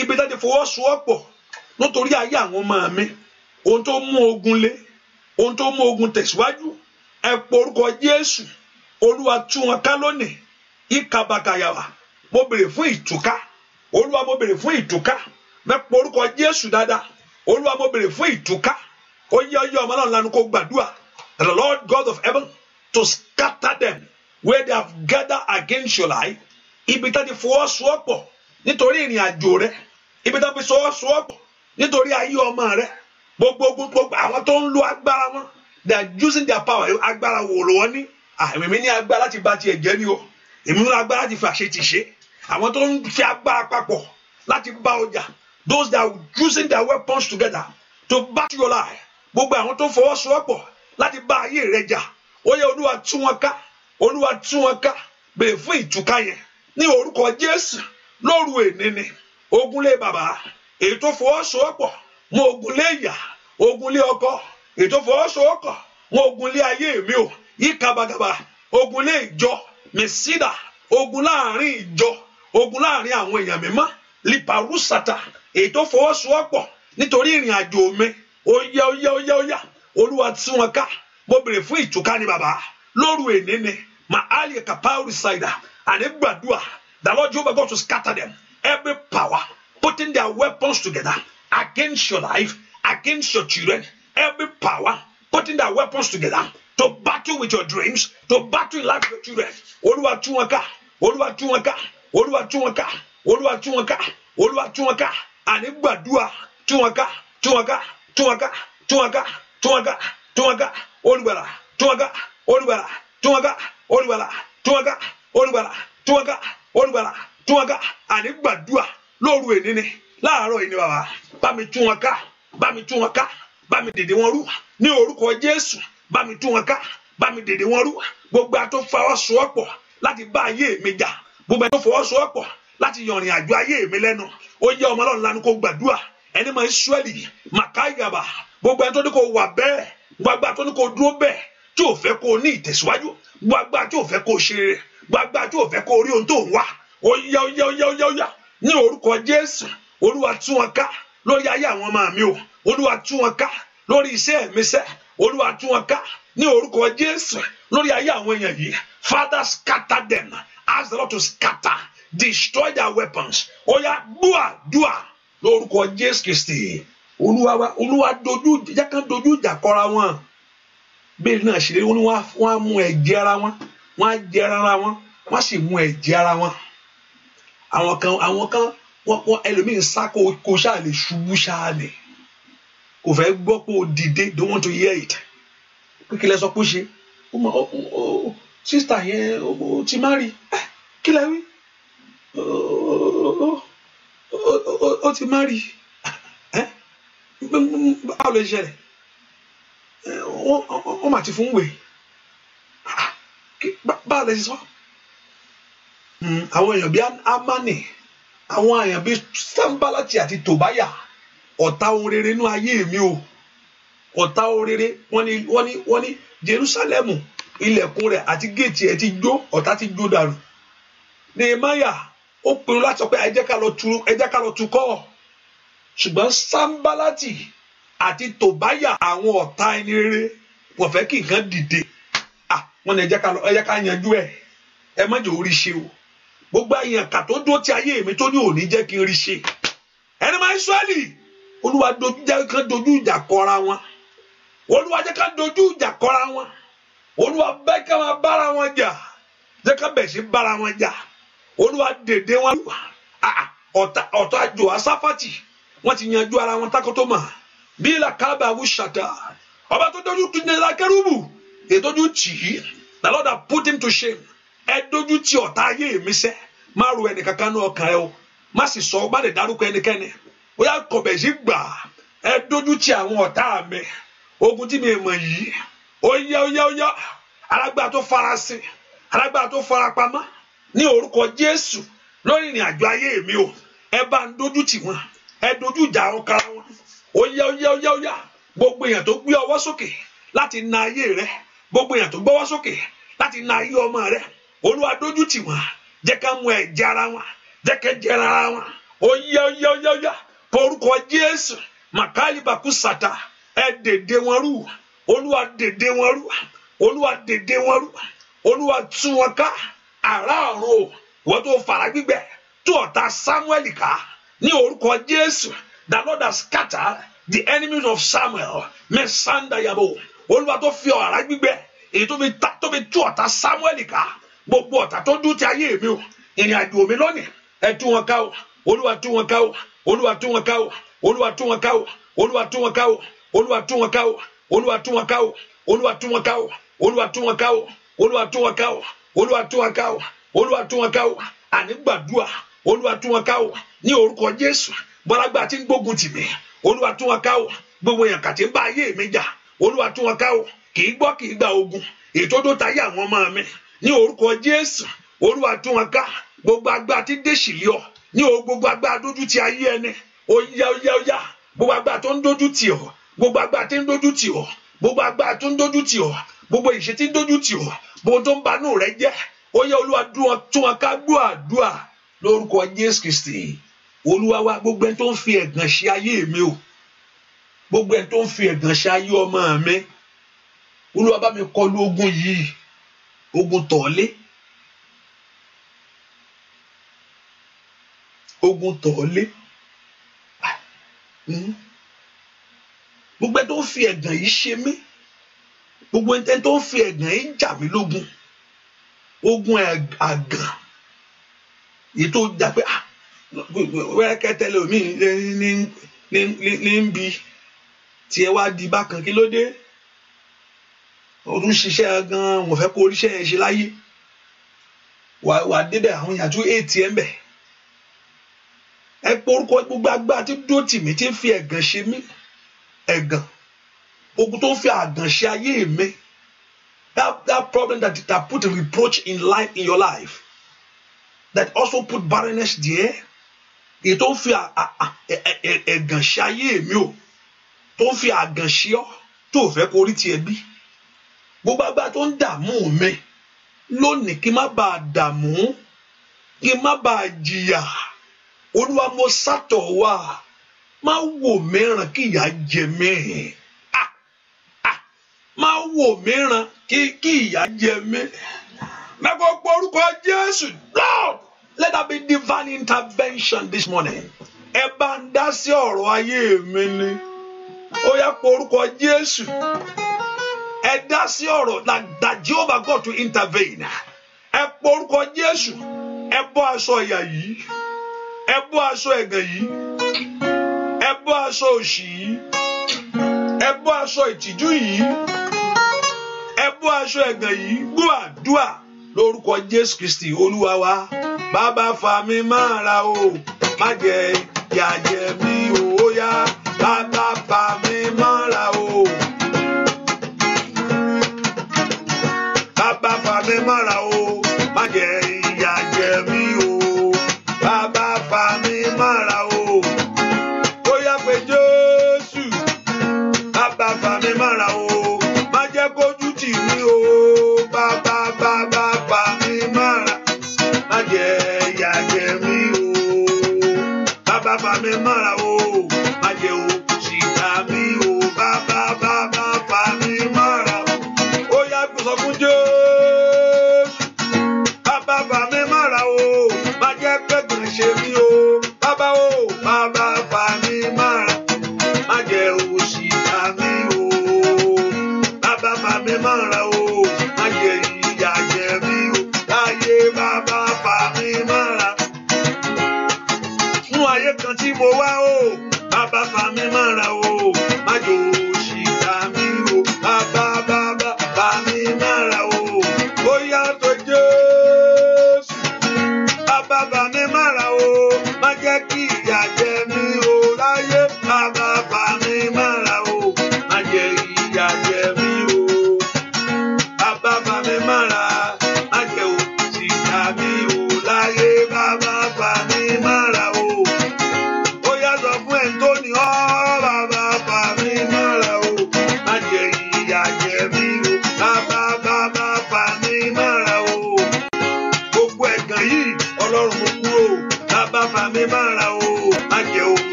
ibi tá ti fọwọ́sowọ́pọ̀ nítorí ayé àwọn ọmọ mi ohun tó mú ogun lé ohun tó mú ogun tẹ̀síwájú ẹ porúkọ Jésù olúwa tú wọn ká lónìí ìkàbàkàyàwà mo bèrè fún ìtúká olúwa mo bèrè fún ìtúká mẹ porúkọ Jésù dáadáa olúwa mo bèrè fún ìtúká ó yẹ ọyọ ọmọ náà lanu kó gbàdúrà the Lord God of heaven to scatter them where they have gathered against your life ibi tá ti fọwọ́sowọ́pọ̀ nítorí ìrìn àjò rẹ ibi tá ti fọwọ́sowọ́pọ̀ nítorí ayé ọmọ rẹ gbogbo ogun gbogbo àwọn tó ń lo agbára wọn they are using their power agbára wò ló wọn ní àmì ní agbára láti ba tiẹ̀ jẹ́ ni o èmi ní agbára láti fàṣẹ ti ṣe àwọn tó ń fi agbára papọ̀ láti bá ọjà those that are using their weapons together to back your life gbogbo àwọn tó fọwọ́sowọ́pọ̀ láti bá ayé rẹ jà ó yẹ olúwa tú wọn ká olúwa tú wọn ká bèrè fún ìtúká yẹn ní orúkọ jésù lóru èní ni ogun lé bàbá èyí tó fọwọ́sowọ́pọ̀ mo ogun lé ìyá ogun lé ọkọ ètò fọwọ́sowọ́kọ̀ mo ogun lé ayé mi o yíkabagaba ogun lé ìjọ mẹsídà ogun láàrin ìjọ ogun láàrin àwọn èèyàn mímọ́ liparusata ètò fọwọ́sowọ́pọ̀ nítorí ìrìn àjò mi ó yá ó yá ó yá ó yá olúwa tí wọn ká mo bèrè fún ìtúká ni bàbá lóru èní ni ma ali kaparu saida àní gbàdúrà the Lord Jehovah God to scatter them every power putting their weapons together against your life, against your children, every power putting their weapons together to battle with your dreams, to battle life with your children. Oluwa tú wọn ká, Oluwa tú wọn ká, Oluwa tú wọn ká, Olúwa tú wọn ká, Olúwa tú wọn ká, àní gbàdúrà tú wọn ká, tú wọn ká, tú wọn ká, tú wọn ká, tú wọn ká, tú wọn ká, Olùgbàlà, tú wọn ká, Olùgbàlà, tú wọn ká, Olùgbàlà, tú wọn ká, Olùgbàlà, tú wọn ká, Olùgbàlà, tú wọn ká, àní gbàdúrà lóru ènìní láàárọ̀ yìí ni bàbá bá mi tú wọn ká bá mi tú wọn ká bá mi dèdè wọn rú ní orúkọ Jésù bá mi tú wọn ká bá mi dèdè wọn rú gbogbo àtó fọwọ́sowọ́pọ̀ láti bá ayé mi jà gbogbo àtó fọwọ́sowọ́pọ̀ láti yọrin àjọ ayé mi lẹ́nu ó yẹ ọmọ Ọlọ́run lanu kó gbàdúrà ẹni mọ Ísírẹ́lì màkàyàbà gbogbo ẹni tó ní kó wà bẹ́ẹ̀ gbogbo àtó ní kó dúró bẹ́ẹ̀ tí ò fẹ́ kó ní ìtẹ̀síwájú gbagba tí o fẹ́ kó ṣe rere gbagba tí o fẹ́ kó o olúwa tú wọn ká lórí ayé àwọn ọmọ mi o olúwa tú wọn ká lórí iṣẹ́ mi sẹ́ olúwa tú wọn ká ní orúkọ jésù lórí ayé àwọn èèyàn yìí father scatter them ask the lord to scatter destroy their weapons Oya, dua, dua. dùà lórúkọ jésù kristi olúwa wa olúwa dojú ìjà kan dojú ìjà kọra wọn bẹ́ẹ̀ náà ṣe lé wọn ni wọ́n á mú ẹ̀jẹ̀ ara wọn wọ́n á jẹ ara wọn wọ́n sì mú ẹ̀jẹ̀ ara wọn àwọn kan àwọn kan wọ́n ẹlòmíín sá kó kó ṣáà lè ṣubú ṣáà ni kò fẹ́ gbọ́ pé o dìde don't want to hear it pé kí lẹ sọ pé ó ṣe ó mọ ó sísítà yẹn ó ti má rí eh, kí lẹ wí ó ti má rí eh, báwo ló ṣẹlẹ̀ wọ́n eh, mà ti fún wèé ah, báwo lè sọ hmm, àwọn èèyàn bíi amani àwọn àyàn bíi Sanbalati àti Tòbáyà ọ̀tá ohun rere inú ayé mi o ọ̀tá ohun rere wọ́n ní wọ́n ní wọ́n ní Jerusalemu ilẹ̀kùn rẹ̀ àti géètì ẹ̀ ti jó ọ̀tá ti jó dànù Nehemiah ó pinnu láti sọ pé ẹ jẹ́ ká lọ tu ẹ jẹ́ ká lọ tu kọ́ ṣùgbọ́n Sanbalati àti Tòbáyà àwọn ọ̀tá ẹni rere wọ́n fẹ́ kí nǹkan dìde ah wọ́n ní ẹ jẹ́ ká lọ ẹ jẹ́ ká yanjú ẹ̀ ẹ má orí ṣe o gbogbo àyànkà tó dúró ti ayé mi tó ní òní jẹ́ kí n rí ṣe ẹni máa ń sọ́ọ̀lì olúwa dojú jẹ́ kán dojú ìjà kọra wọn olúwa jẹ́ kán dojú ìjà kọra wọn olúwa bẹ́ ká máa bára wọn jà jẹ́ ká bẹ̀ sí bára wọn jà olúwa dèdè wọn ah, ọ̀tọ̀ àjò asáfàtì wọ́n ti yanjú ara wọn takọ́tọ́ mọ̀ bí ilà kábà wù ṣàtà ọba tó dojú tu nílá kẹrùbù ètò ojú tì í the Lord have put him to shame. ẹ dojú ti ọ̀tá ayé mi sẹ́ má ro ẹnìkankan o má sì sọ ọ má lè dárúkọ ẹnikẹ́ni ó yá kọ̀bẹ̀ sí gbà ẹ dojú ti àwọn ọ̀tá mi ogun tí mi mọ̀ yìí ó yá ó yá ó yá alágbára tó farasin alágbára tó farapamọ́ ní orúkọ Jésù lórí ìrìn o ẹ bá wọn ẹ dojú ìjà wọn ó yá ó yá gbogbo èèyàn tó gbé ọwọ́ sókè láti na ayé rẹ gbogbo èèyàn tó gbọ́wọ́ sókè láti na ayé ọmọ rẹ olúwa dójú tì wọ́n jẹ́ ká mú ẹ̀jẹ̀ ara wọn jẹ́ ká jẹ́ ara wọn oyá oyá oyá oyá porúkọ jésù màkàlìbàkú sàtà ẹ dèdè wọn rú olúwa dèdè wọn rú olúwa dèdè wọn rú olúwa tú wọn ká àrà ọ̀run o wọ́n tó fara gbígbẹ́ tú ọ̀tá samuel ká ní orúkọ jésù the lord has scattered the enemies of samuel mẹ́sàn-án dayabo olúwa tó fi ọ̀rá gbígbẹ́ èyí tó fi tú ọ̀tá samuel ká gbogbo ọ̀tá tó dún ti ayé mi o ìrìn àjò mi lónìí ẹ tú wọn ká o olúwa tú wọn ká o olúwa tú wọn ká o olúwa tú wọn ká o olúwa tú wọn ká o olúwa tú wọn ká o olúwa tú wọn ká o olúwa tú wọn ká o olúwa tú wọn ká o olúwa tú wọn ká o olúwa tú wọn ká o olúwa tú wọn ká o àní gbàdúrà olúwa tú wọn ká o ní orúkọ jésù bọ́lágbà tí ń gbógun tì mí olúwa tú wọn ká o gbogbo èèyàn kàtí ń bá ayé mi jà olúwa tú wọn ká o kì í gbọ́ kì í gba ogun ètò tó tayé àwọn ọmọ mi ní orúkọ jésù olúwa tún wọn ká gbogbo agbára tí dèṣì lé ọ ní o gbogbo agbára dójú ti ayé ẹni ó yá ó yá ó yá gbogbo agbára tó ń dójú tì ọ gbogbo agbára tí ń dójú tì ọ gbogbo agbára tó ń dójú tì ọ gbogbo ìṣe tí ń dójú tì ọ gbogbo tó ń banú rẹ jẹ ó yá olúwa tún wọn ká gbọ́ àdúrà lórúkọ jésù kristi olúwa wa gbogbo ẹni tó ń fi ẹ̀gàn ṣe ayé mi o gbogbo ẹni tó ń fi ẹ̀gàn ṣe ayé ọmọ mi olúwa bá mi kọlu ogun yìí ogun tọ̀ọ́lé ogun tọ̀ọ́lé hmm. gbogbo ẹni tó ń fi ẹ̀gàn yìí ṣe mí gbogbo ẹni tó ń fi ẹ̀gàn yìí jà mí lógun ogun àgàn èyí tó jà pé ah, wẹ́rẹ́kẹ́ tẹ́lẹ̀ omi ní ń bi tiẹ̀ wá di bákan kí ló dé o ṣiṣẹ́ gan wọ́n fẹ́ kó oríṣẹ́ yẹn ṣe láyé wàá débẹ̀ àwọn èèyàn tún bẹ̀ ẹ pé orúkọ gbogbo agbá tí dúró tì mí tí ń fi ẹ̀gàn ṣe mí ẹ̀gàn ogun tó ń fi àgàn ṣe ayé mi that that problem that that put reproach in life in your life that also put barrenness there èyí tó ń fi ẹ̀gàn ṣe ayé mi o tó ń fi àgàn ṣe ọ́ tó fẹ́ kó orí tiẹ̀ bí gbogbo agbára tó ń dààmú mi lónìí kí n má bàa dààmú kí n má bàa jìyà olúwa mo sátọ̀ wá má wò mí kí ìyà jẹ mí má wò mí ràn kí ìyà jẹ mí mẹ́kọ̀ọ́ gbọ́ orúkọ Jésù Lord let divine intervention this morning ẹ bá ń dá sí ọ̀rọ̀ ayé mi ni ó pé orúkọ Jésù. ẹ dá sí ọ̀rọ̀ that Jehovah God to intervene ẹ pọ orúkọ Jésù ẹ bọ́ aṣọ ìyà yìí ẹ bọ́ aṣọ ẹ̀gàn yìí ẹ bọ́ aṣọ òṣì yìí ẹ bọ́ aṣọ ìtìjú yìí ẹ bọ́ aṣọ ẹ̀gàn yìí gbọ́ àdúà lórúkọ Jésù Kristi Olúwa wa bàbá fa mi máa ra o má jẹ ìyà jẹ mí o ó bàbá fa mi máa ra o. má ra o má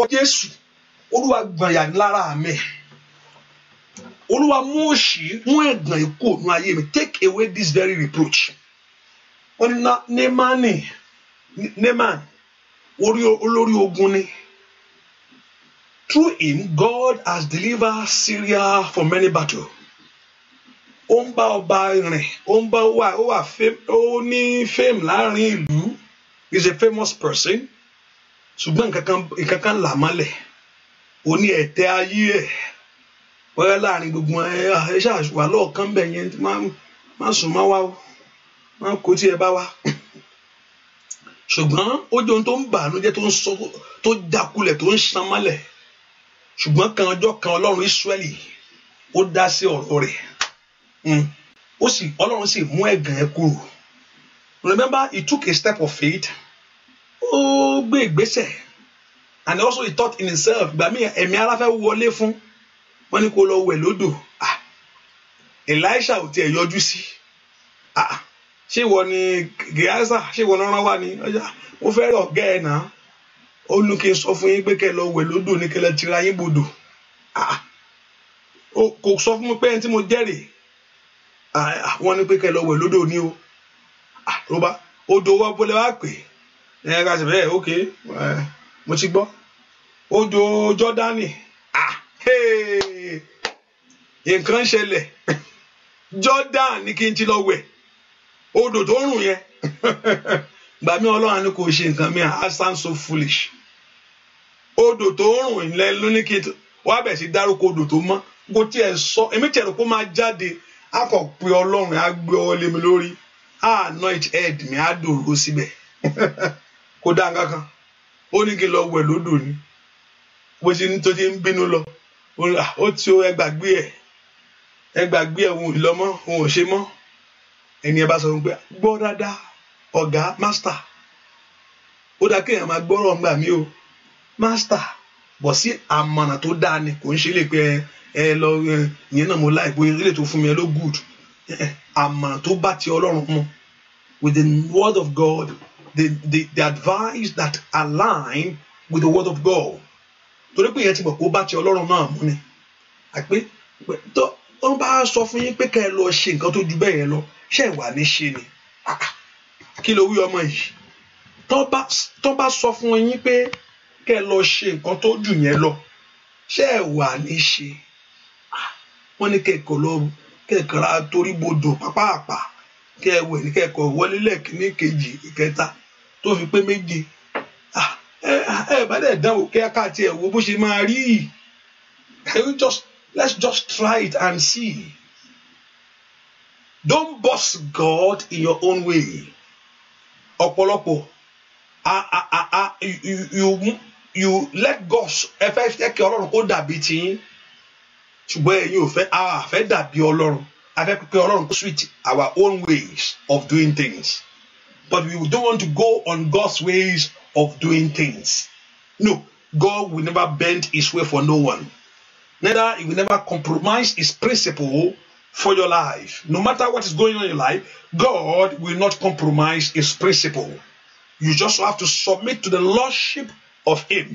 orúkọ Jésù olúwa gbọ̀nyà lára mi olúwa mú òṣì mú ẹ̀gàn ikú òun ayé mi take away this very reproach wọ́n ní nemani neman orí olórí ogun ni through him God has delivered Syria from many battles ó ń bá ọba rìn ó ń bá wà ó wà ó ní fame láàrin ìlú he is a famous person ṣùgbọ́n nǹkan kan là mọ́lẹ̀ ó ní ẹ̀tẹ́ ayé ẹ̀ wẹ́rẹ́ láàrin gbogbo ẹ ṣàṣùwà lọ́ọ̀kan bẹ̀ yẹn má sùn má wá o má kó tí ẹ bá wá ṣùgbọ́n ó jẹ́ ohun tó ń bànújẹ́ tó ń sọ tó jakulẹ̀ tó ń san mọ́lẹ̀ ṣùgbọ́n kan ọjọ́ kan ọlọ́run Ísírẹ́lì ó dá sí ọ̀rọ̀ rẹ̀ hmm. ọlọ́run sì mú ẹ̀gàn ẹ kúrò remember he took a step of faith ó gbé ìgbésẹ̀ and also he thought in himself gbà mí ẹ̀mí ara fẹ́ wọlé fún wọn ni kò lọ wẹ̀ lódò ah Elisha ò tiẹ̀ yọjú sí ah ṣé ìwọ ni Gehazi ṣé ìwọ náà rán wá ni mo fẹ́ rọ̀ gẹ́ ẹ̀ náà ó ní kí n sọ fún yín pé kẹ́ ẹ lọ wẹ̀ lódò ní kẹ́ ẹ lọ tira yín bodò ah kò sọ fún mi pé ẹni tí mo jẹ́rìí ah wọ́n ní pé kẹ́ ẹ lọ wẹ̀ lódò ní o ah ló bá odò wa bọ́lẹ̀ wá ẹ ká sì bẹ́ẹ̀ ok mo ti gbọ́ odò ah nǹkan ṣẹlẹ̀ Jordan ní kí n ti lọ odò tó rùn yẹn gbà mí ọlọ́run ni kò ṣe nǹkan mi I stand so foolish odò tó rùn lẹ lóní kí n wá bẹ̀ sí dárúkọ odò tó mọ́ tiẹ̀ sọ èmi tiẹ̀ rò kó máa jáde a ọlọ́run á gbé ọ kó dá nǹkan kan ó ní kí n lọ wẹ̀ lódò ni bó ṣe ní tó ṣe ń bínú lọ ó ti ó ẹgbàgbé ẹ ẹgbàgbé ẹ òun ìlọmọ òun ò ṣe mọ ẹni ẹ bá sọ pé gbọ́ dáadáa ọ̀gá mástà ó dáa kéèyàn máa gbọ́rọ̀ ńgbà mí o mástà bọ̀ sí àmọ̀nà tó dáa ni kò ń ṣe lè pé ẹ lọ ìyẹn náà mo láì bóyá ilé tó fún mi ẹ ló gùd àmọ̀nà tó bá ti ọlọ́run mu with the word of God the, the, the advice that align with the word of God torí pé ìyẹn ti mọ̀ pé bá ti ọlọ́run náà mú ni àpé tó wọ́n bá sọ fún yín pé ká ẹ lọ ṣe nǹkan tó ju bẹ́ẹ̀ lọ ṣé ìwà ní ṣe ni ah, ah. kí ló wí ọmọ yìí tó bá sọ fún yín pé ká ẹ lọ ṣe nǹkan tó jù yẹn lọ ṣé ìwà ní ṣe ah, wọ́n ní kẹ̀kọ́ lọ kẹ̀kọ́ ra torí bodò pápáàpáà kẹ ẹ wẹ̀ ní kẹkọ̀ wọlé lẹ́ẹ̀kíní kejì ìkẹta tó fi pé méje ẹ bá dẹ̀ dánwò kí a káàtì ẹ̀ wo bó ṣe máa rí yìí just let's just try it and see don't boss God in your own way ọ̀pọ̀lọpọ̀ you you let God ẹ fẹ́ kí ọlọ́run kó dàbí tiyín ṣùgbọ́n ẹ̀yin ò fẹ́ àfẹ́ dàbí ọlọ́run afẹ́ pé ọlọ́run kó switch our own ways of doing things but we don't want to go on God's ways of doing things no God will never bend his way for no one neither he will never compromise his principle for your life no matter what is going on in your life God will not compromise his principle you just have to submit to the lordship of him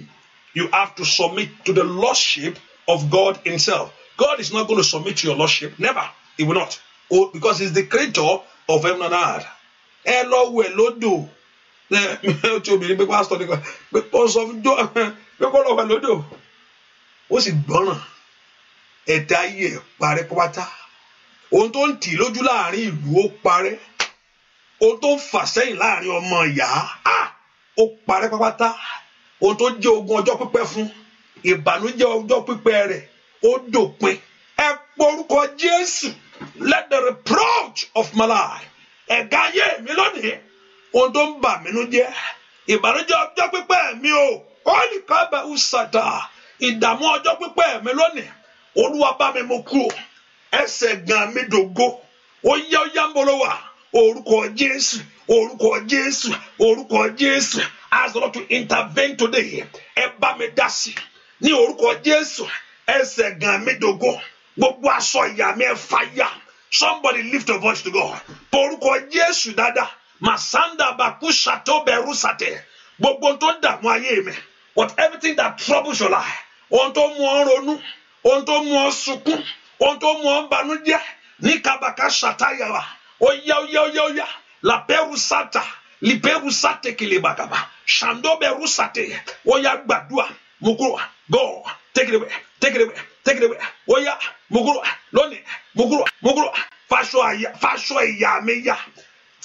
you have to submit to the lordship of God himself God is not going to submit to your lordship never he will not oh, because he's the creator of heaven and earth ẹ lọ wẹ̀ lódò ẹ tí obìnrin pé pásítọ̀ nípa pé ó sọ fún jọ pé kó lọ wẹ̀ lódò ó sì gbọ́ràn ẹ̀dá ayé ẹ̀ parẹ́ pátá ohun tó ń tì lójú láàrin ìlú ó parẹ́ ohun tó ń fà sẹ́yìn láàrin ọmọ ìyá ó parẹ́ pátá ohun tó jẹ́ ogun ọjọ́ pípẹ́ fún ìbànújẹ́ ọjọ́ pípẹ́ rẹ̀ ó dòpin porúkọ Jésù let the reproach of my life ẹ̀gá ayé mi lónìí ohun tó ń bà mí jẹ́ ìbànújẹ́ ọjọ́ pípẹ́ mi o ó ní ká bẹ ṣàtà ìdààmú ọjọ́ pípẹ́ mi lónìí olúwa bá mi mú kú o ẹsẹ̀ gan mi dògo ó yá ó yá ń bolo wa orúkọ Jésù orúkọ Jésù orúkọ Jésù ask the to intervene today ẹ bá mi dá sí ní orúkọ Jésù ẹsẹ̀ gan mi dògo gbogbo aṣọ ìyà mi ẹ fàyà somebody lift your voice to God torúkọ Jésù dáadáa masanda baku ṣàtó bẹ̀rù ṣàtẹ̀ gbogbo tó ń dààmú ayé mi but everything that troubles your life ohun tó mú ọ ronú ohun tó mú ọ sunkún ohun tó mú ọ banújẹ́ ní kabaka ṣàtàyàwá ó yá ó yá ó yá ó yá làbẹ̀rù ṣàtà libẹ̀rù ṣàtẹ̀ kele bàgàbà ṣàndó bẹ̀rù ṣàtẹ̀ ó gbàdúrà mukuru go take it away take it away take it away ó yá mo kúrò lónìí mo kúrò mo kúrò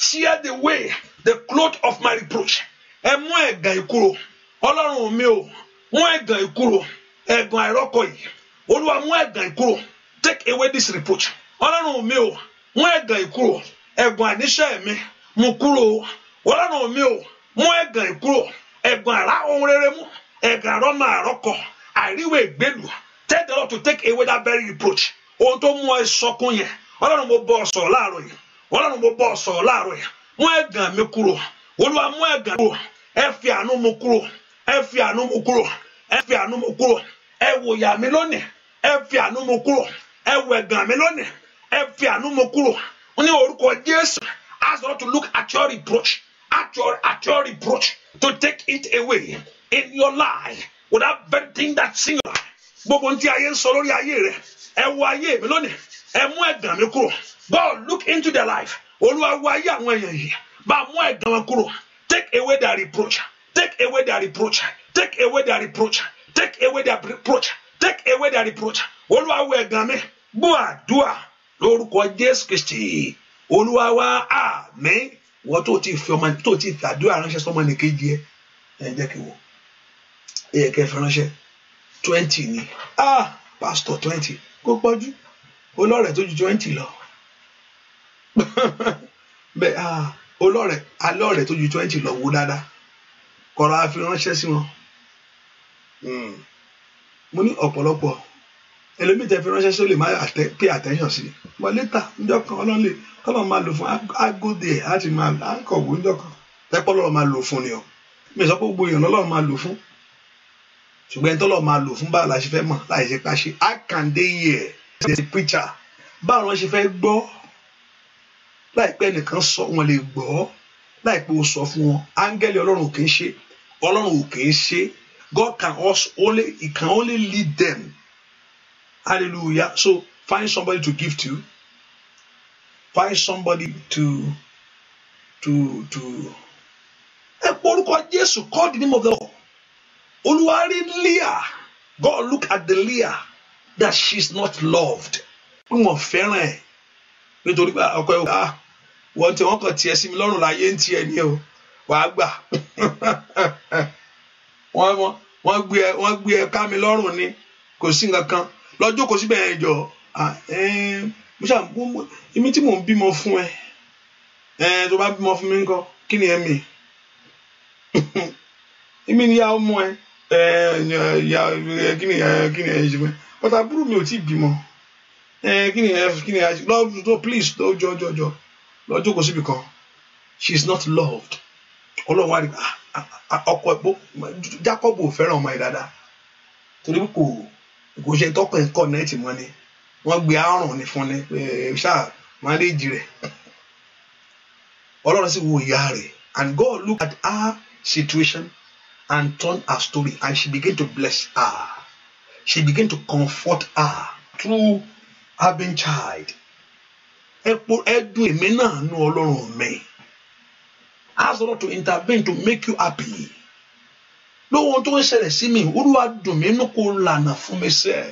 tear the way the cloth of my reproach ẹ mú ẹ̀gàn ìkúrò ọlọ́run mi ò mú ẹ̀gàn ìkúrò ẹ̀gàn àìrọ́kọ yìí olúwa mú ẹ̀gàn ìkúrò take away this reproach ọlọ́run mi ò mú ẹ̀gàn ìkúrò ẹ̀gàn àníṣẹ́ mi mú kúrò ọlọ́run mi ò mú ẹ̀gàn ìkúrò ẹ̀gàn àrà ohun rere mú ẹ̀gàn àrọ́mọ àrọ́kọ àríwé ìgbélùú tell the Lord to take away that very reproach ohun tó mú ẹ sọkún yẹn ọlọ́run mo bọ́ ọ sọ̀rọ̀ láàárọ̀ yẹn ọlọ́run mo bọ́ ọ sọ̀rọ̀ láàárọ̀ yẹn mú ẹ̀gàn mi kúrò olúwa mú ẹ̀gàn kúrò ẹ fi àánú mu kúrò ẹ fi àánú mu kúrò ẹ fi àánú mu kúrò ẹ wòyà mi lónìí ẹ fi àánú mu kúrò ẹ wò ẹ̀gàn mi lónìí ẹ fi àánú mu kúrò ní orúkọ jésù ask God to look at your reproach at your at your reproach to take it away in your life without with that very thing gbogbo ntí ayé ń sọ lórí ayé rẹ ẹ wo ayé mi lónìí ẹ mú ẹ̀gàn mi kúrò God look into their life olúwa wo ayé àwọn èèyàn yìí bá a mú ẹ̀gàn wọn kúrò take away their reproach take away their reproach take away their reproach take away their reproach take away their reproach olúwa wo ẹ̀gàn mi gbọ́ àdúrà lórúkọ Jésù Kristi olúwa wa àmín wọ́n tó ti fi ọmọ tó ti tàdúrà ránṣẹ́ sọmọ nìkejì ẹ ẹ jẹ́ kí wọ́n ẹ yẹ kẹ́ fi ránṣẹ́ twenty ni ah pastor twenty kò pọ̀jù olọ́rẹ̀ tó ju twenty lọ bẹ́ẹ̀ ah olọ́rẹ̀ alọ́rẹ̀ tó ju twenty lọ wò dáadáa kọ̀ọ̀rọ̀ àfi ránṣẹ́ sí wọn hmm. mo ní ọ̀pọ̀lọpọ̀ ẹlòmíì tẹ fi ránṣẹ́ sí ó lè má pay attention sí but later ǹjọ́ kan ọlọ́run lè kọ́lọ́ máa lò fún agóde ẹ̀ láti máa kọ̀wé ǹjọ́ kan tẹ́pọ́ lọ́rọ̀ máa lò fún ni o mi sọ pé gbogbo èèyàn lọ́lọ́run máa lò fún ṣùgbọ́n ẹni tọ́lọ̀ máa lò fún báwo la ṣe fẹ́ mọ̀ láì ṣe ká ṣe how can they hear a preacher báwo wọn ṣe fẹ́ gbọ́ láìpẹ́ nìkan sọ wọn lè gbọ́ láìpẹ́ o sọ fún wọn áńgẹ́lì ọlọ́run ò kì í ṣe ọlọ́run ò kì í ṣe God can only he can only lead them hallelujah so find somebody to give to find somebody to to to ẹ pọ orúkọ Jésù call the name of the Lord olùwárí Leah God look at the Leah that she is not loved n wọn fẹ́ràn ẹ̀ nítorí pé ọkọ ẹ̀ wá ah, tí wọ́n kàn tiẹ̀ sí mi lọ́rùn láyé ń tiẹ̀ ní o wàá gbà wọ́n gbé ẹ wọ́n gbé ẹ ká mi lọ́rùn ni kò sí nǹkan kan lọ́jọ́ kò sí bẹ́ẹ̀ jọ mo ṣáà èmi tí mò ń bímọ fún ẹ tó bá bímọ fún mi ńkọ́ kí ni ẹ mi èmi ni yà ó ẹ but àbúrò mi ò tí ì bímọ kí ni kí ni lọ tó please tó jọ jọ jọ lọ jókòó síbi kan she is not loved ọlọ́run wá rí ah, ah, ah, ọkọ Jacob ò fẹ́ràn ọmọ yìí dáadáa torí kò kò ṣe tọkọ ẹ̀ kọ́ nẹ́ẹ̀tì mọ́ ni wọ́n gbé àrùn ní fún ni ṣáà máa lè jì rẹ̀ ọlọ́run sì wo ìyá rẹ̀ and God look at her situation and turned her story and she began to bless her. She began to comfort her through having child. Ẹ dùn èmi náà nú Ọlọ́run mi. Ask the to intervene to make you happy. Lóhun tó ń ṣẹlẹ̀ sí mi, Olúwa dùn mí nú kó lànà fún mi sẹ́.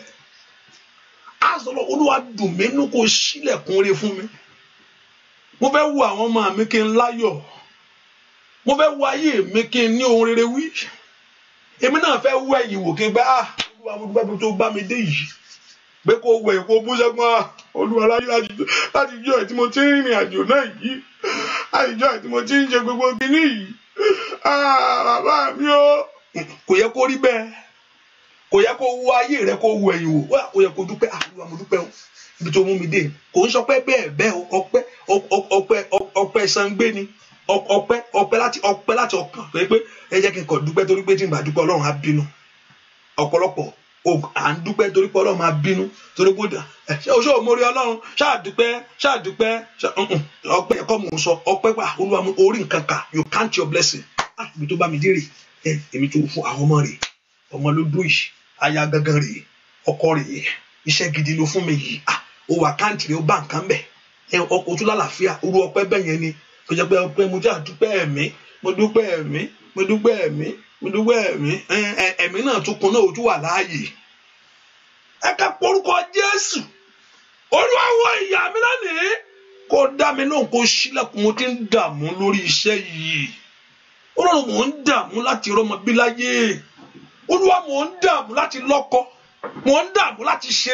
Ask the Lord, Olúwa dùn mí nú kó ṣílẹ̀kùn rẹ fún mi. Mo fẹ́ wo àwọn ọmọ mi kí n láyọ̀ mo fẹ́ wo ayé mi kí n ní ohun rere wí èmi náà fẹ́ wọ ẹ̀yìn wò kí n gbá ah, olúwa mo dúpẹ́ tó bá mi dé yìí pé kó wọ èkó búṣẹ́gun ah, olúwa láyé láti jọ ẹ̀ tí mo ti ń rìnrìn àjò náà yìí láti jọ ẹ̀ tí mo ti ń ṣe gbogbo kinní yìí ah, bàbá mi o kò yẹ kó rí bẹ́ẹ̀ kò yẹ kó wo ayé rẹ kó wo ẹ̀yìn wò kò yẹ kó dúpẹ́ olúwa mo dúpẹ́ o ibi tó mú mi dé kò ń sọ pé bẹ́ẹ̀ bẹ́ẹ̀ ọpẹ́ ọpẹ́ ọpẹ́ ṣangbe ni ọpẹ́ ọpẹ́ láti ọpẹ́ láti ọkàn pé pé ẹ jẹ́ kí n kàn dúpẹ́ torí pé tí n bá dúpẹ́ Ọlọ́run á bínú ọ̀pọ̀lọpọ̀ à ń dúpẹ́ torí pé Ọlọ́run á bínú torí pé dà ẹ ṣé o ṣé o mórí Ọlọ́run ṣáàdúpẹ́ ṣáàdúpẹ́ ọpẹ́ ẹ̀kọ́ mò ń sọ ọpẹ́ wà Olúwa mú orí nǹkan kà you count your blessing àbí ah, tó bá mi dé rè ẹ èmi tó fún àwọn ọmọ rè ọmọ ló dún yìí aya gangan rè ọkọ rè iṣẹ́ gidi ló fún mi yìí ó ah, wà káǹtì rè ó bá nǹkan bẹ̀ ẹ ọkọ̀ ojú lálàáfíà orú ọpẹ́ bẹ́yẹn ni kò jẹ́ pé pé mo jẹ́ àdúpẹ́ ẹ̀mí mo dúpẹ́ ẹ̀mí mo dúpẹ́ ẹ̀mí mo dúpẹ́ ẹ̀mí ẹ̀mí náà tún kun náà ojú wà láàyè ẹ ká porúkọ Jésù Olúwa wo ìyà mi lónìí kó dá mi lóhùn kó ṣílẹ̀kùn mo ti ń dààmú lórí iṣẹ́ yìí Ọlọ́run mò ń dààmú láti rọ́mọ bí láyé Olúwa mò ń dààmú láti lọ́kọ mò ń dààmú láti ṣe